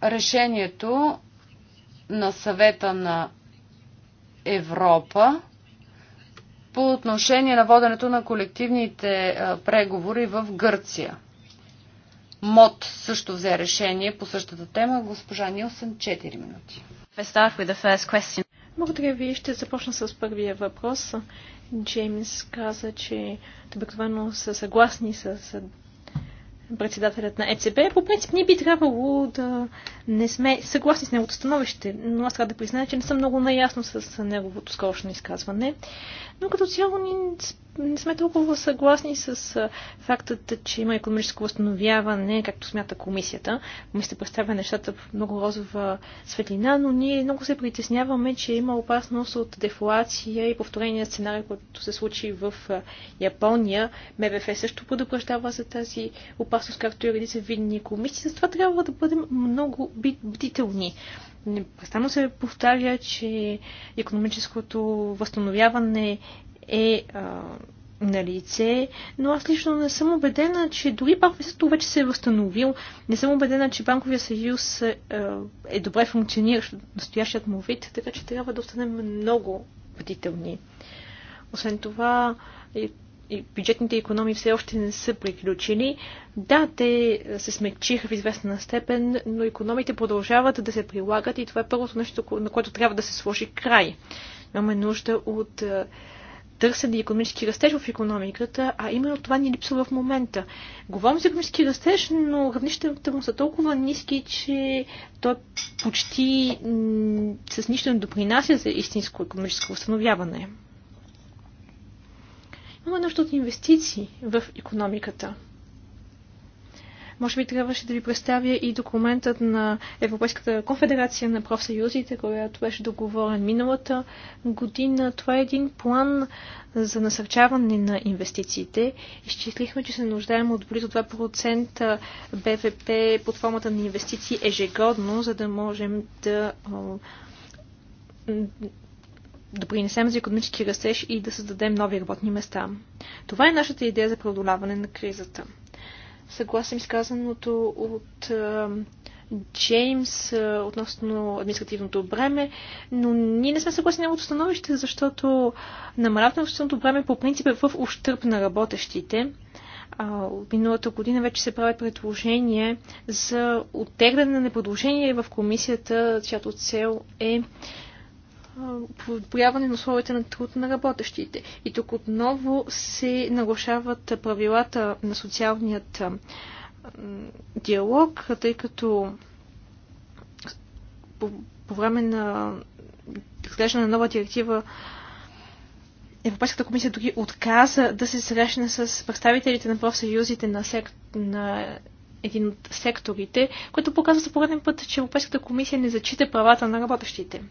решението на съвета на Европа по отношение на воденето на колективните преговори в Гърция. МОД също взе решение по същата тема. Госпожа Нилсен, 4 минути. Благодаря ви. Ще започна с първия въпрос. Джеймс каза, че обикновено са съгласни с председателят на ЕЦБ. По принцип, ние би трябвало да не сме съгласни с неговото становище, но аз трябва да призная, че не съм много наясно с неговото скорошно изказване. Но като цяло ни не сме толкова съгласни с фактът, че има економическо възстановяване, както смята комисията. Комисията представя нещата в много розова светлина, но ние много се притесняваме, че има опасност от дефлация и повторения сценарий, който се случи в Япония. МВФ също подобръщава за тази опасност, както и редица видни комисии. Затова трябва да бъдем много бдителни само се повтаря, че економическото възстановяване е а, на лице, но аз лично не съм убедена, че дори банковия съюз вече се е възстановил. Не съм убедена, че банковия съюз е, е добре функциониращ настоящият му вид, така че трябва да останем много бдителни. Освен това, и, и бюджетните економии все още не са приключили. Да, те се смекчиха в известна степен, но економите продължават да се прилагат и това е първото нещо, на което трябва да се сложи край. Имаме нужда от търсене и економически растеж в економиката, а именно това ни липсва в момента. Говорим за економически растеж, но равнищата му са толкова ниски, че той почти с нищо не допринася за истинско економическо установяване. Има нужда от инвестиции в економиката. Може би трябваше да ви представя и документът на Европейската конфедерация на профсъюзите, която беше договорен миналата година. Това е един план за насърчаване на инвестициите. Изчислихме, че се нуждаем от близо 2% БВП под формата на инвестиции ежегодно, за да можем да да принесем за економически растеж и да създадем нови работни места. Това е нашата идея за преодоляване на кризата съгласен казаното от Джеймс относно административното бреме, но ние не сме съгласни на становище, защото намаляването на административното бреме по принцип е в ущърп на работещите. От миналата година вече се прави предложение за оттегляне на предложение в комисията, чиято цел е подобряване на условията на труд на работещите. И тук отново се нарушават правилата на социалният диалог, тъй като по, по време на разглеждане на нова директива Европейската комисия дори отказа да се срещне с представителите на профсъюзите на, сек... на един от секторите, което показва за пореден път, че Европейската комисия не зачита правата на работещите.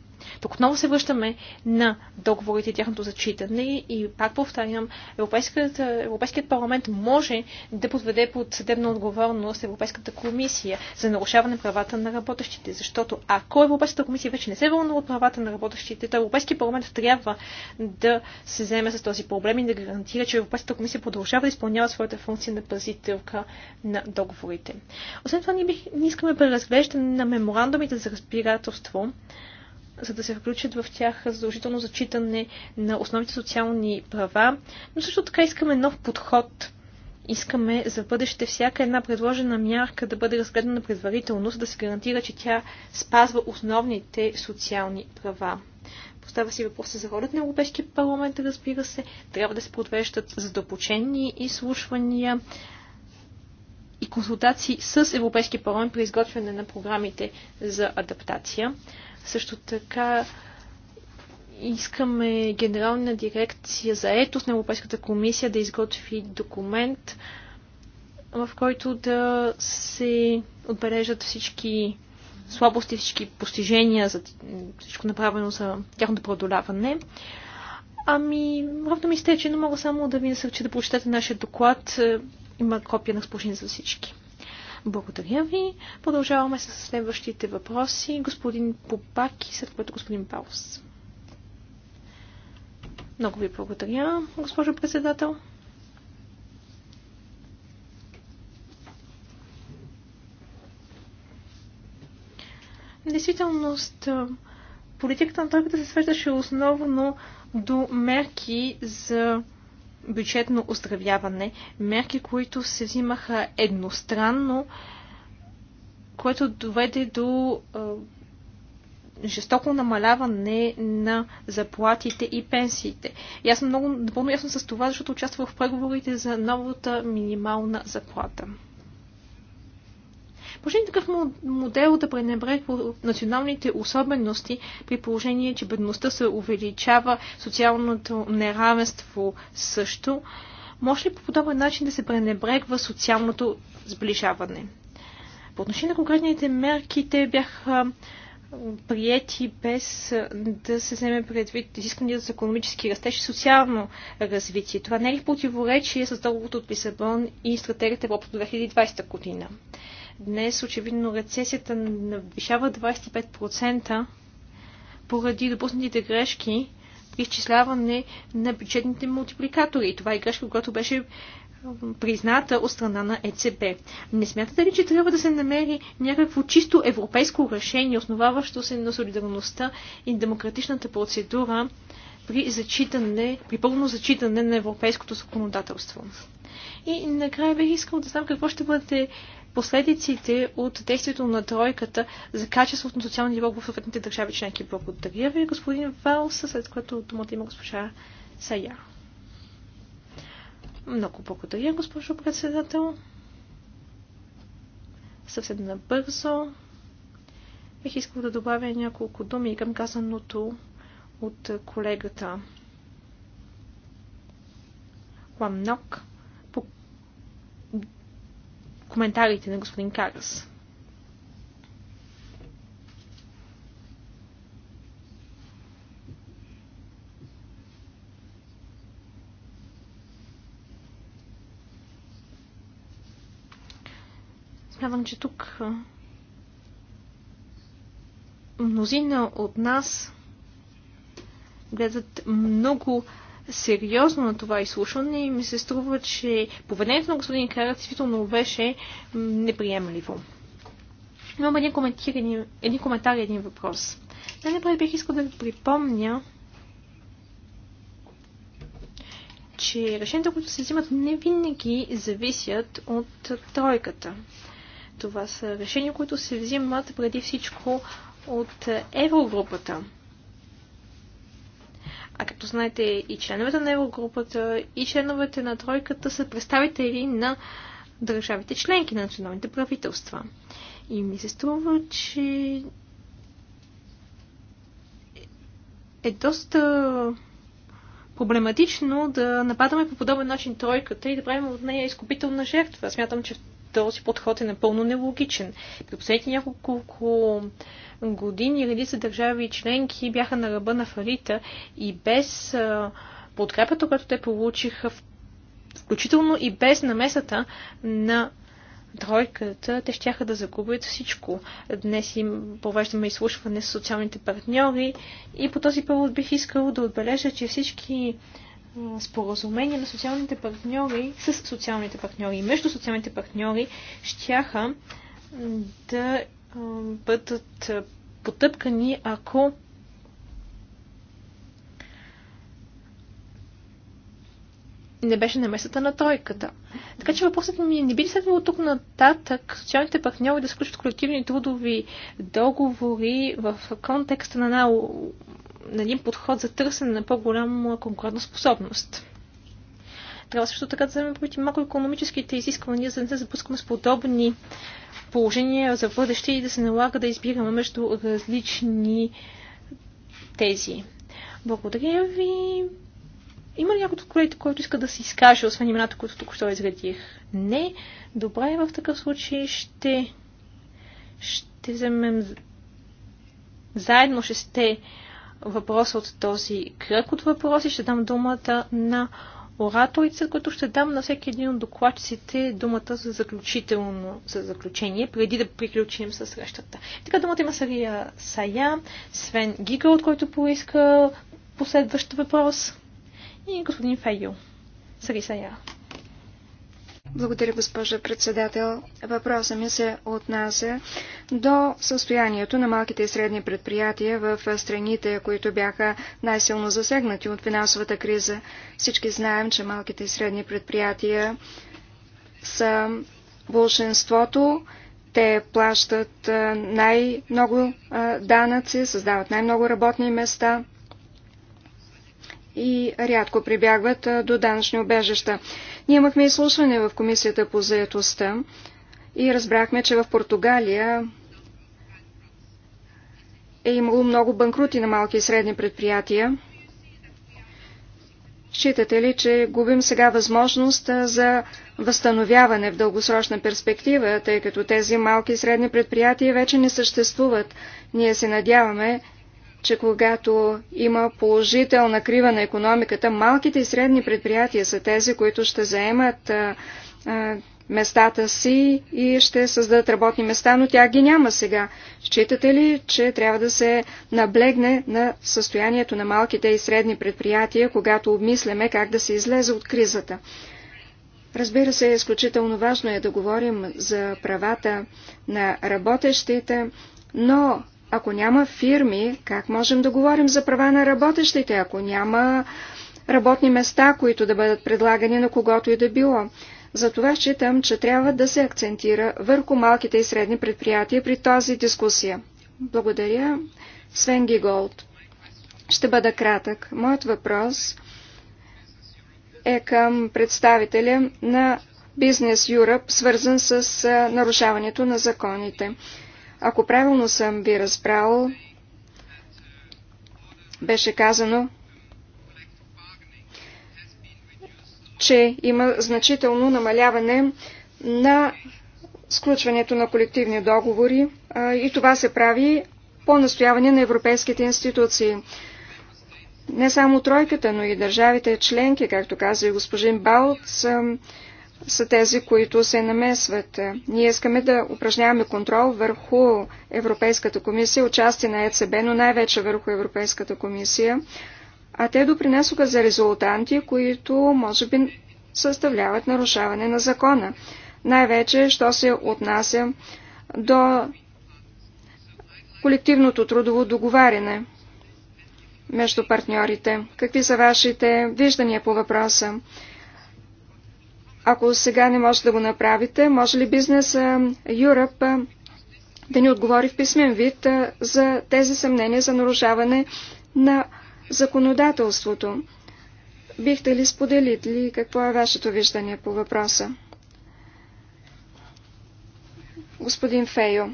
Тук отново се връщаме на договорите и тяхното зачитане и пак повтарям, Европейският, Европейският парламент може да подведе под съдебна отговорност Европейската комисия за нарушаване правата на работещите, защото ако Европейската комисия вече не се вълнува от правата на работещите, то Европейския парламент трябва да се вземе с този проблем и да гарантира, че Европейската комисия продължава да изпълнява своята функция на пазителка на договорите договорите. Освен това, ние, бих, ние искаме преразглеждане на меморандумите за разбирателство, за да се включат в тях задължително зачитане на основните социални права, но също така искаме нов подход. Искаме за бъдеще всяка една предложена мярка да бъде разгледана предварително, за да се гарантира, че тя спазва основните социални права. Поставя си въпроса за ролята на Европейския парламент, разбира се. Трябва да се подвеждат задълбочени изслушвания и консултации с Европейския парламент при изготвяне на програмите за адаптация. Също така искаме Генерална дирекция за етос на Европейската комисия да изготви документ, в който да се отбележат всички слабости, всички постижения за всичко направено за тяхното преодоляване. Ами, ровно ми стече, че не мога само да ви насърча да прочетете нашия доклад има копия на спушен за всички. Благодаря ви. Продължаваме с следващите въпроси. Господин Попак и след което господин Паус. Много ви благодаря, госпожо председател. действителност политиката на тройката се свеждаше основно до мерки за бюджетно оздравяване, мерки, които се взимаха едностранно, което доведе до жестоко намаляване на заплатите и пенсиите. И аз съм много напълно ясна с това, защото участвах в преговорите за новата минимална заплата. Може такъв модел да пренебрегва националните особености при положение, че бедността се увеличава, социалното неравенство също? Може ли по подобен начин да се пренебрегва социалното сближаване? По отношение на конкретните мерки, те бяха приети без да се вземе предвид изискванията за економически растеж и социално развитие. Това не е ли противоречие с договорът от Лисабон и стратегията Европа до 2020 година? Днес очевидно рецесията навишава 25% поради допуснатите грешки при изчисляване на бюджетните мултипликатори. И това е грешка, която беше призната от страна на ЕЦБ. Не смятате ли, че трябва да се намери някакво чисто европейско решение, основаващо се на солидарността и демократичната процедура при, зачитане, при пълно зачитане на европейското законодателство? И накрая бих искал да знам какво ще бъде последиците от действието на тройката за качеството на социалния диалог в съответните държави членки. Благодаря ви, господин Валс, след което думата има госпожа Сая. Много благодаря, госпожо председател. Съвсем набързо бих искал да добавя няколко думи към казаното от колегата Ламнок коментарите на господин Карас. Смятам, че тук мнозина от нас гледат много сериозно на това изслушване и ми се струва, че поведението на господин Кара действително беше неприемливо. Имам един коментар, един, един, коментар, един въпрос. Най-напред бих искал да ви припомня, че решенията, които се взимат, не винаги зависят от тройката. Това са решения, които се взимат преди всичко от еврогрупата. А както знаете, и членовете на Еврогрупата, и членовете на Тройката са представители на държавите членки на националните правителства. И ми се струва, че е доста проблематично да нападаме по подобен начин тройката и да правим от нея изкупителна жертва. Смятам, че този подход е напълно нелогичен. При последните няколко години редица държави и членки бяха на ръба на фалита и без подкрепата, която те получиха, включително и без намесата на тройката, те ще да загубят всичко. Днес им провеждаме изслушване с социалните партньори и по този повод бих искал да отбележа, че всички споразумение на социалните партньори с социалните партньори и между социалните партньори щяха да бъдат потъпкани, ако не беше намесата на тройката. Така че въпросът ми е, не би ли следвало тук нататък социалните партньори да сключат колективни трудови договори в контекста на една на един подход за търсене на по-голяма конкурентна способност. Трябва също така да вземем предвид макроекономическите изисквания, за да не се запускаме с подобни положения за бъдеще и да се налага да избираме между различни тези. Благодаря ви. Има ли някой от колегите, който иска да се изкаже, освен имената, които току-що изредих? Не. Добре, в такъв случай ще, ще вземем заедно ще сте въпроса от този кръг от въпроси. Ще дам думата на ораторица, като ще дам на всеки един от докладчиците думата за, заключително, за заключение, преди да приключим с срещата. Така думата има Сария Сая, Свен Гигъл, от който поиска последващ въпрос и господин Фейо. Сари Сая. Благодаря, госпожа председател. Въпросът ми се отнася до състоянието на малките и средни предприятия в страните, които бяха най-силно засегнати от финансовата криза. Всички знаем, че малките и средни предприятия са вълшенството. Те плащат най-много данъци, създават най-много работни места и рядко прибягват до данъчни обежища. Ние имахме изслушване в Комисията по заедостта и разбрахме, че в Португалия е имало много банкрути на малки и средни предприятия. Считате ли, че губим сега възможност за възстановяване в дългосрочна перспектива, тъй като тези малки и средни предприятия вече не съществуват? Ние се надяваме, че когато има положителна крива на економиката, малките и средни предприятия са тези, които ще заемат а, а, местата си и ще създадат работни места, но тя ги няма сега. Считате ли, че трябва да се наблегне на състоянието на малките и средни предприятия, когато обмисляме как да се излезе от кризата? Разбира се, изключително важно е да говорим за правата на работещите, но ако няма фирми, как можем да говорим за права на работещите, ако няма работни места, които да бъдат предлагани на когото и да било? Затова считам, че трябва да се акцентира върху малките и средни предприятия при тази дискусия. Благодаря. Свен Гиголд. Ще бъда кратък. Моят въпрос е към представителя на Бизнес Юръп, свързан с нарушаването на законите. Ако правилно съм ви разбрал, беше казано, че има значително намаляване на сключването на колективни договори и това се прави по настояване на европейските институции. Не само тройката, но и държавите членки, както каза и господин Балт, са, са тези, които се намесват. Ние искаме да упражняваме контрол върху Европейската комисия, участие на ЕЦБ, но най-вече върху Европейската комисия а те допринесоха за резултанти, които може би съставляват нарушаване на закона. Най-вече, що се отнася до колективното трудово договаряне между партньорите. Какви са вашите виждания по въпроса? Ако сега не може да го направите, може ли бизнес Юръп да ни отговори в писмен вид за тези съмнения за нарушаване на законодателството. Бихте ли споделили какво е вашето виждане по въпроса? Господин Фейо.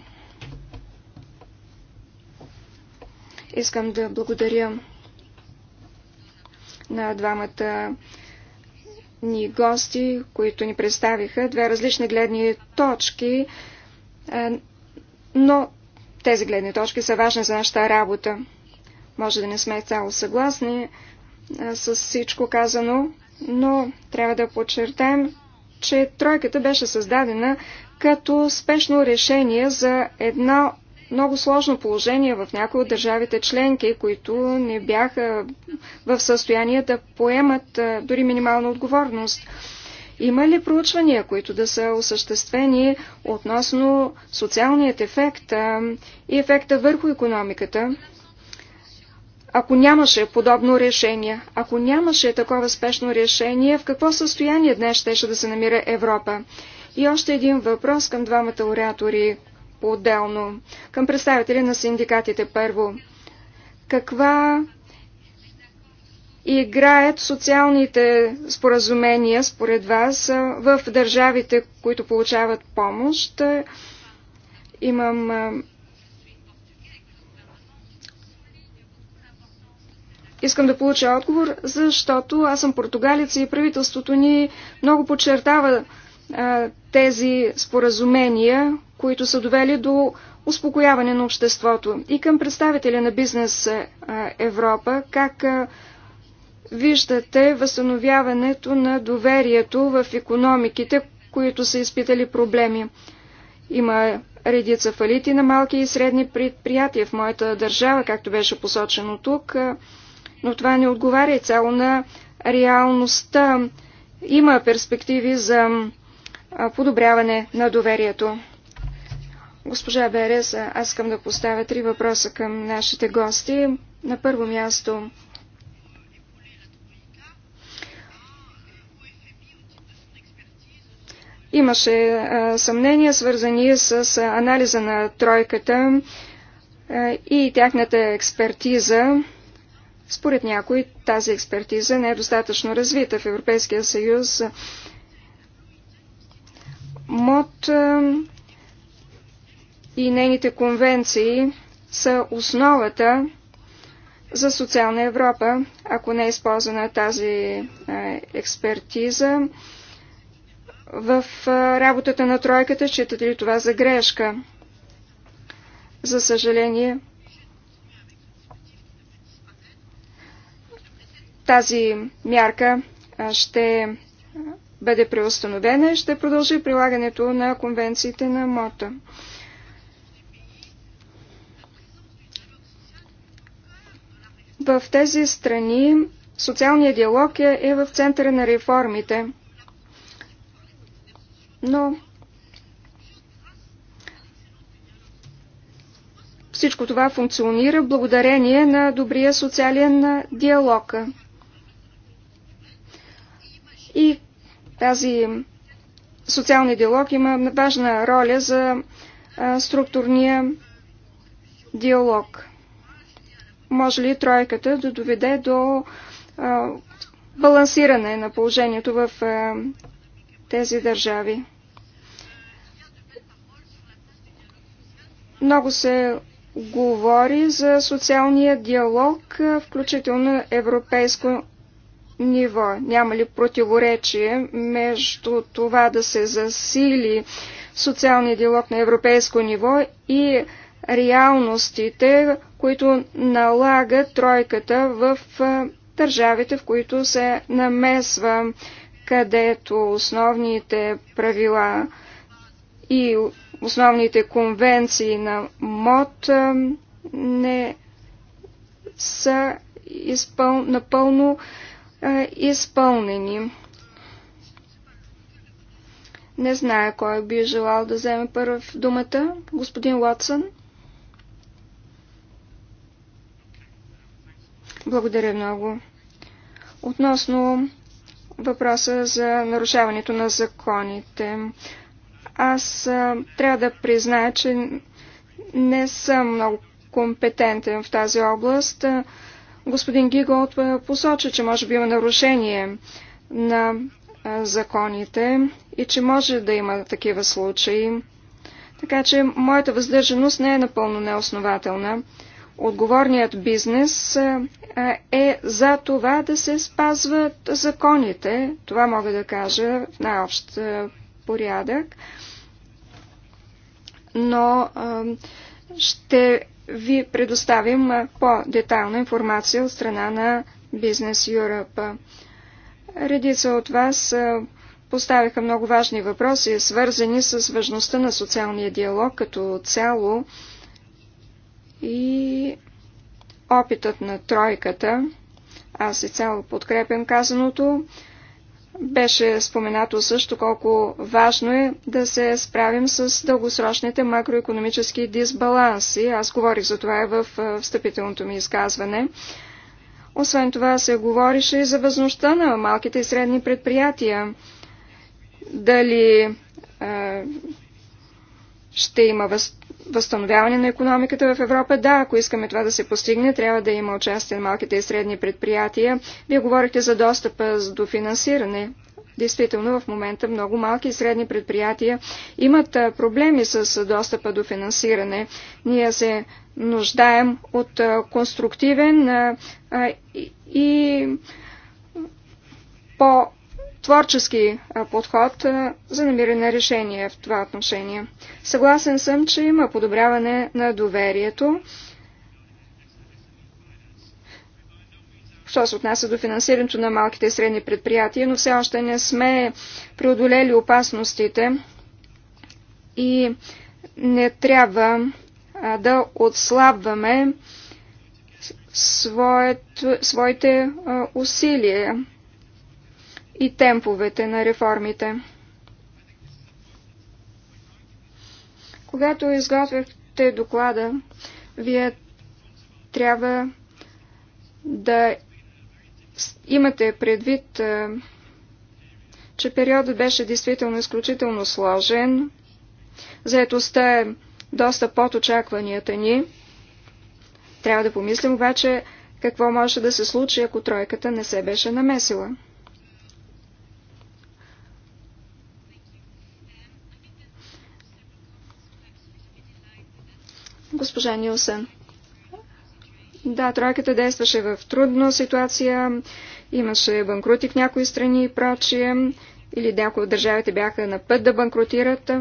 Искам да благодаря на двамата ни гости, които ни представиха две различни гледни точки, е, но тези гледни точки са важни за нашата работа. Може да не сме цяло съгласни а, с всичко казано, но трябва да подчертаем, че тройката беше създадена като спешно решение за едно много сложно положение в някои от държавите членки, които не бяха в състояние да поемат дори минимална отговорност. Има ли проучвания, които да са осъществени относно социалният ефект и ефекта върху економиката ако нямаше подобно решение, ако нямаше такова спешно решение, в какво състояние днес щеше да се намира Европа? И още един въпрос към двамата ориатори по-отделно. Към представители на синдикатите първо. Каква играят социалните споразумения, според вас, в държавите, които получават помощ? Имам Искам да получа отговор, защото аз съм португалец и правителството ни много подчертава а, тези споразумения, които са довели до успокояване на обществото. И към представителя на бизнес а, Европа, как а, виждате възстановяването на доверието в економиките, които са изпитали проблеми. Има редица фалити на малки и средни предприятия в моята държава, както беше посочено тук. А, но това не отговаря цяло на реалността. Има перспективи за подобряване на доверието. Госпожа Берес, аз искам да поставя три въпроса към нашите гости. На първо място, Имаше а, съмнения, свързани с а, анализа на тройката а, и тяхната експертиза според някои тази експертиза не е достатъчно развита в Европейския съюз. МОД и нейните конвенции са основата за социална Европа. Ако не е използвана тази експертиза в работата на тройката, считате ли това за грешка? За съжаление, Тази мярка ще бъде преустановена и ще продължи прилагането на конвенциите на МОТА. В тези страни социалният диалог е, е в центъра на реформите. Но всичко това функционира благодарение на добрия социален диалог. И тази социалния диалог има важна роля за структурния диалог. Може ли тройката да доведе до балансиране на положението в тези държави? Много се говори за социалния диалог, включително европейско ниво. Няма ли противоречие между това да се засили социалния диалог на европейско ниво и реалностите, които налага тройката в държавите, в които се намесва, където основните правила и основните конвенции на МОД не са изпъл... напълно изпълнени. Не знае кой би желал да вземе първ думата. Господин Уотсън. Благодаря много. Относно въпроса за нарушаването на законите. Аз а, трябва да призная, че не съм много компетентен в тази област. Господин Гиголт е, посочи, че може би има нарушение на е, законите и че може да има такива случаи. Така че моята въздържаност не е напълно неоснователна. Отговорният бизнес е, е за това да се спазват законите. Това мога да кажа в най-общ порядък. Но ще ви предоставим по детална информация от страна на Business Europe. Редица от вас поставиха много важни въпроси, свързани с важността на социалния диалог като цяло и опитът на тройката. Аз и цяло подкрепям казаното. Беше споменато също колко важно е да се справим с дългосрочните макроекономически дисбаланси. Аз говорих за това и в встъпителното ми изказване. Освен това се говорише и за възможността на малките и средни предприятия. Дали е, ще има възможност възстановяване на економиката в Европа. Да, ако искаме това да се постигне, трябва да има участие на малките и средни предприятия. Вие говорихте за достъпа до финансиране. Действително, в момента много малки и средни предприятия имат проблеми с достъпа до финансиране. Ние се нуждаем от конструктивен и по творчески подход за намиране на решение в това отношение. Съгласен съм, че има подобряване на доверието. що се отнася до финансирането на малките и средни предприятия, но все още не сме преодолели опасностите и не трябва да отслабваме своите усилия и темповете на реформите. Когато изготвяхте доклада, вие трябва да имате предвид, че периодът беше действително изключително сложен. Заетостта е доста под очакванията ни. Трябва да помислим обаче какво може да се случи, ако тройката не се беше намесила. Госпожа Нилсън. Да, тройката действаше в трудна ситуация, имаше банкрути в някои страни и прочие, или някои от държавите бяха на път да банкротират.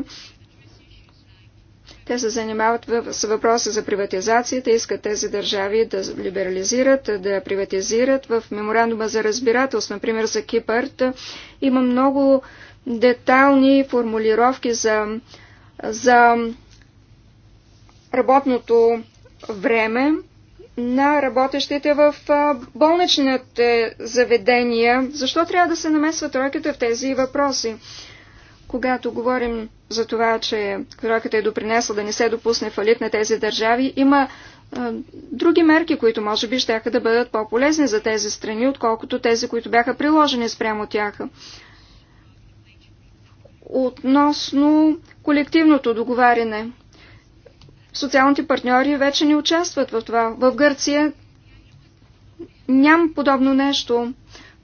Те се занимават с въпроса за приватизацията, искат тези държави да либерализират, да приватизират. В меморандума за разбирателство, например за Кипър, има много детайлни формулировки за, за работното време на работещите в болничните заведения. Защо трябва да се намесва тройката в тези въпроси? Когато говорим за това, че тройката е допринесла да не се допусне фалит на тези държави, има а, други мерки, които може би ще да бъдат по-полезни за тези страни, отколкото тези, които бяха приложени спрямо тях. Относно колективното договаряне социалните партньори вече не участват в това. В Гърция нямам подобно нещо.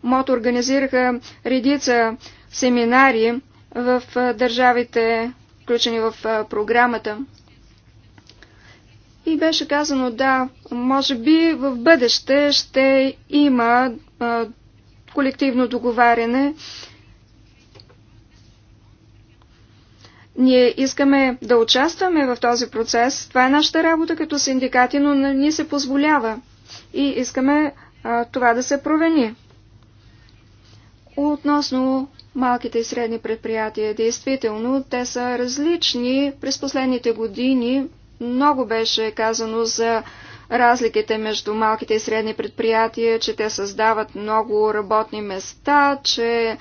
мото организираха редица семинари в държавите, включени в програмата. И беше казано, да, може би в бъдеще ще има колективно договаряне Ние искаме да участваме в този процес. Това е нашата работа като синдикати, но не ни се позволява. И искаме а, това да се провени. Относно малките и средни предприятия, действително, те са различни. През последните години много беше казано за разликите между малките и средни предприятия, че те създават много работни места, че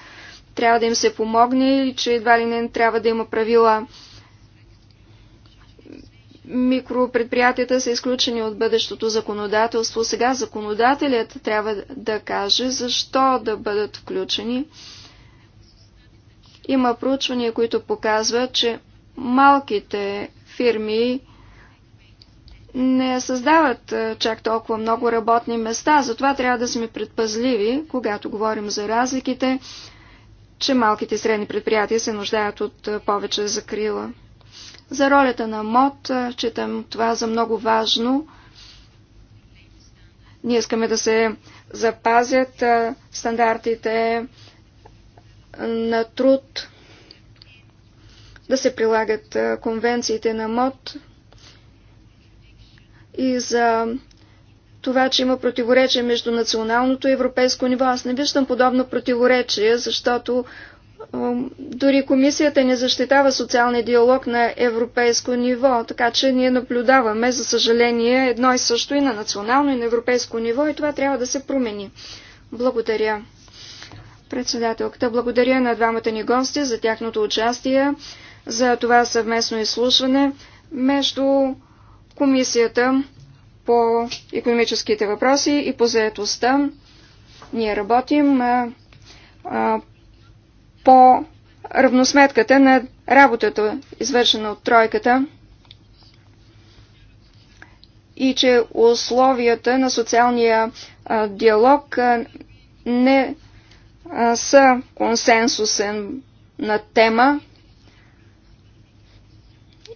трябва да им се помогне или че едва ли не трябва да има правила. Микропредприятията са изключени от бъдещото законодателство. Сега законодателят трябва да каже защо да бъдат включени. Има проучвания, които показват, че малките фирми не създават чак толкова много работни места, затова трябва да сме предпазливи, когато говорим за разликите че малките и средни предприятия се нуждаят от повече закрила. За ролята на МОД, читам това за много важно. Ние искаме да се запазят стандартите на труд, да се прилагат конвенциите на МОД и за това, че има противоречие между националното и европейско ниво. Аз не виждам подобно противоречие, защото дори комисията не защитава социалния диалог на европейско ниво, така че ние наблюдаваме, за съжаление, едно и също и на национално, и на европейско ниво и това трябва да се промени. Благодаря. Председателката, благодаря на двамата ни гости за тяхното участие, за това съвместно изслушване между комисията по економическите въпроси и по заедостта. Ние работим а, а, по равносметката на работата, извършена от тройката и че условията на социалния а, диалог а, не а, са консенсусен на тема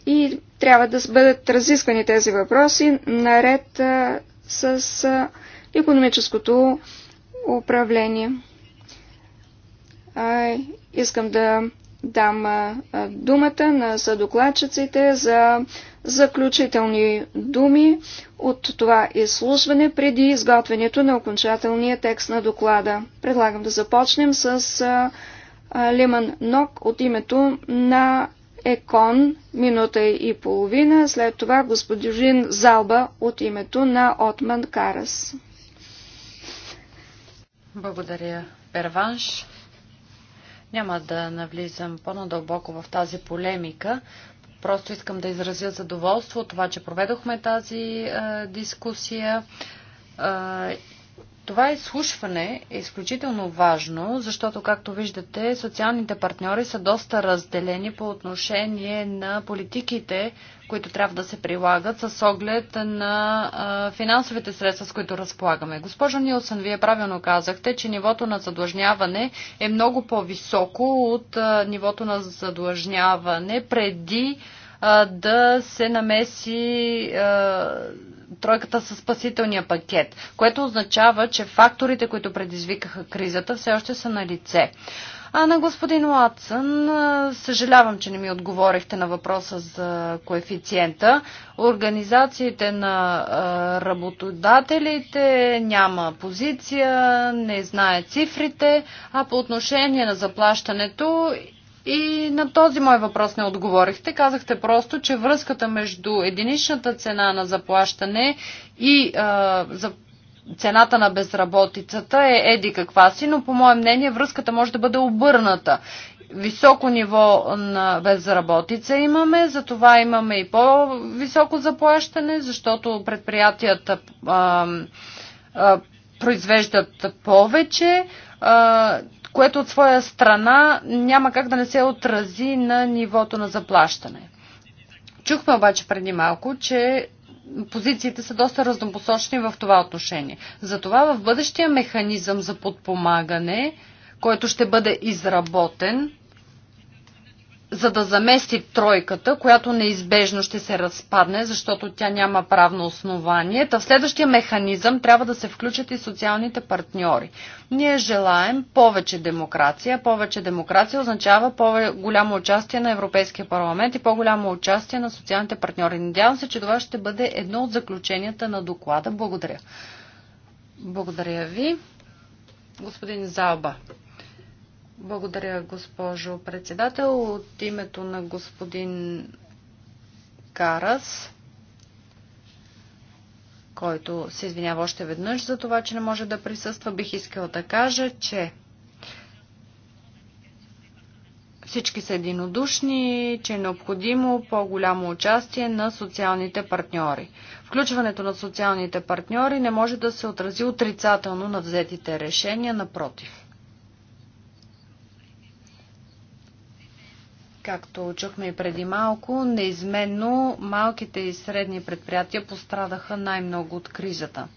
и трябва да бъдат разисквани тези въпроси наред с економическото управление. Искам да дам думата на съдокладчиците за заключителни думи от това изслушване преди изготвянето на окончателния текст на доклада. Предлагам да започнем с Лиман Нок от името на ЕКОН минута и половина, след това господин Залба от името на Отман Карас. Благодаря, Перванш. Няма да навлизам по-надълбоко в тази полемика. Просто искам да изразя задоволство от това, че проведохме тази е, дискусия. Е, това изслушване е изключително важно, защото, както виждате, социалните партньори са доста разделени по отношение на политиките, които трябва да се прилагат с оглед на финансовите средства, с които разполагаме. Госпожо Нилсън, вие правилно казахте, че нивото на задлъжняване е много по-високо от нивото на задлъжняване преди да се намеси тройката със спасителния пакет, което означава, че факторите, които предизвикаха кризата, все още са на лице. А на господин Уатсън, съжалявам, че не ми отговорихте на въпроса за коефициента. Организациите на работодателите няма позиция, не знае цифрите, а по отношение на заплащането и на този мой въпрос не отговорихте. Казахте просто, че връзката между единичната цена на заплащане и а, за цената на безработицата е еди каква си, но по мое мнение връзката може да бъде обърната високо ниво на безработица имаме, затова имаме и по-високо заплащане, защото предприятията а, а, произвеждат повече. А, което от своя страна няма как да не се отрази на нивото на заплащане. Чухме обаче преди малко, че позициите са доста разнопосочни в това отношение. Затова в бъдещия механизъм за подпомагане, който ще бъде изработен, за да замести тройката, която неизбежно ще се разпадне, защото тя няма правно основание. Та в следващия механизъм трябва да се включат и социалните партньори. Ние желаем повече демокрация. Повече демокрация означава по-голямо участие на Европейския парламент и по-голямо участие на социалните партньори. Надявам се, че това ще бъде едно от заключенията на доклада. Благодаря. Благодаря ви. Господин Залба. Благодаря, госпожо председател. От името на господин Карас, който се извинява още веднъж за това, че не може да присъства, бих искал да кажа, че всички са единодушни, че е необходимо по-голямо участие на социалните партньори. Включването на социалните партньори не може да се отрази отрицателно на взетите решения, напротив. Както чухме и преди малко, неизменно малките и средни предприятия пострадаха най-много от кризата.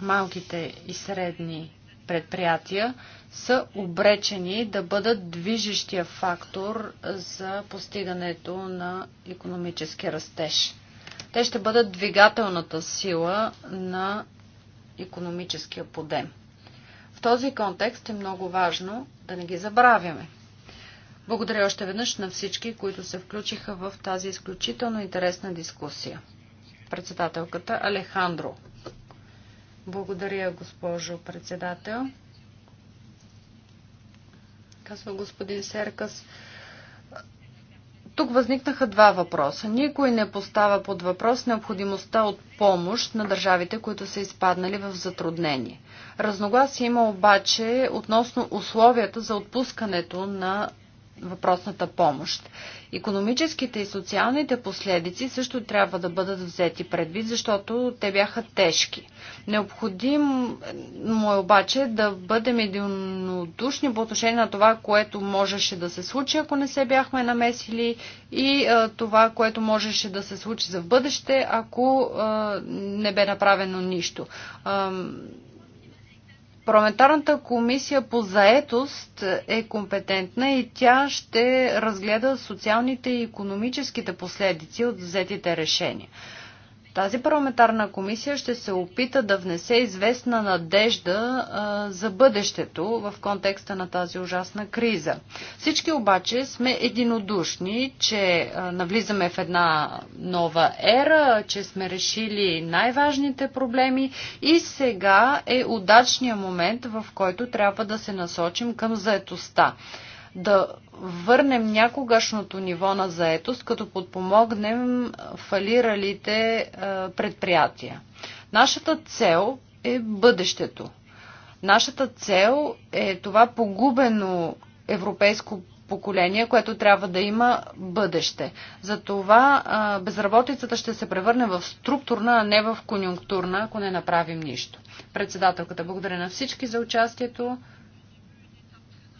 Малките и средни предприятия са обречени да бъдат движещия фактор за постигането на економически растеж. Те ще бъдат двигателната сила на економическия подем този контекст е много важно да не ги забравяме. Благодаря още веднъж на всички, които се включиха в тази изключително интересна дискусия. Председателката Алехандро. Благодаря, госпожо председател. Казва господин Серкас. Тук възникнаха два въпроса. Никой не поставя под въпрос необходимостта от помощ на държавите, които са изпаднали в затруднение. Разногласие има обаче относно условията за отпускането на въпросната помощ. Економическите и социалните последици също трябва да бъдат взети предвид, защото те бяха тежки. Необходимо е обаче да бъдем единодушни по отношение на това, което можеше да се случи, ако не се бяхме намесили и а, това, което можеше да се случи за в бъдеще, ако а, не бе направено нищо. А, Парламентарната комисия по заетост е компетентна и тя ще разгледа социалните и економическите последици от взетите решения. Тази парламентарна комисия ще се опита да внесе известна надежда а, за бъдещето в контекста на тази ужасна криза. Всички обаче сме единодушни, че а, навлизаме в една нова ера, че сме решили най-важните проблеми и сега е удачният момент, в който трябва да се насочим към заетостта да върнем някогашното ниво на заетост, като подпомогнем фалиралите е, предприятия. Нашата цел е бъдещето. Нашата цел е това погубено европейско поколение, което трябва да има бъдеще. Затова е, безработицата ще се превърне в структурна, а не в конюнктурна, ако не направим нищо. Председателката, благодаря на всички за участието.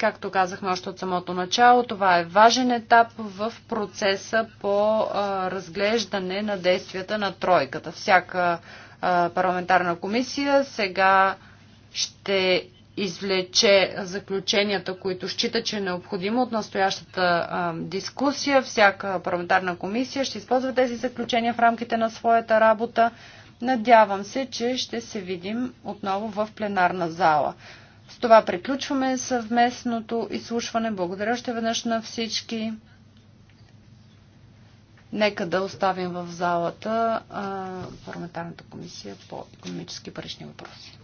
Както казахме още от самото начало, това е важен етап в процеса по разглеждане на действията на тройката. Всяка парламентарна комисия сега ще извлече заключенията, които счита, че е необходимо от настоящата а, дискусия. Всяка парламентарна комисия ще използва тези заключения в рамките на своята работа. Надявам се, че ще се видим отново в пленарна зала. С това приключваме съвместното изслушване. Благодаря още веднъж на всички. Нека да оставим в залата парламентарната комисия по економически парични въпроси.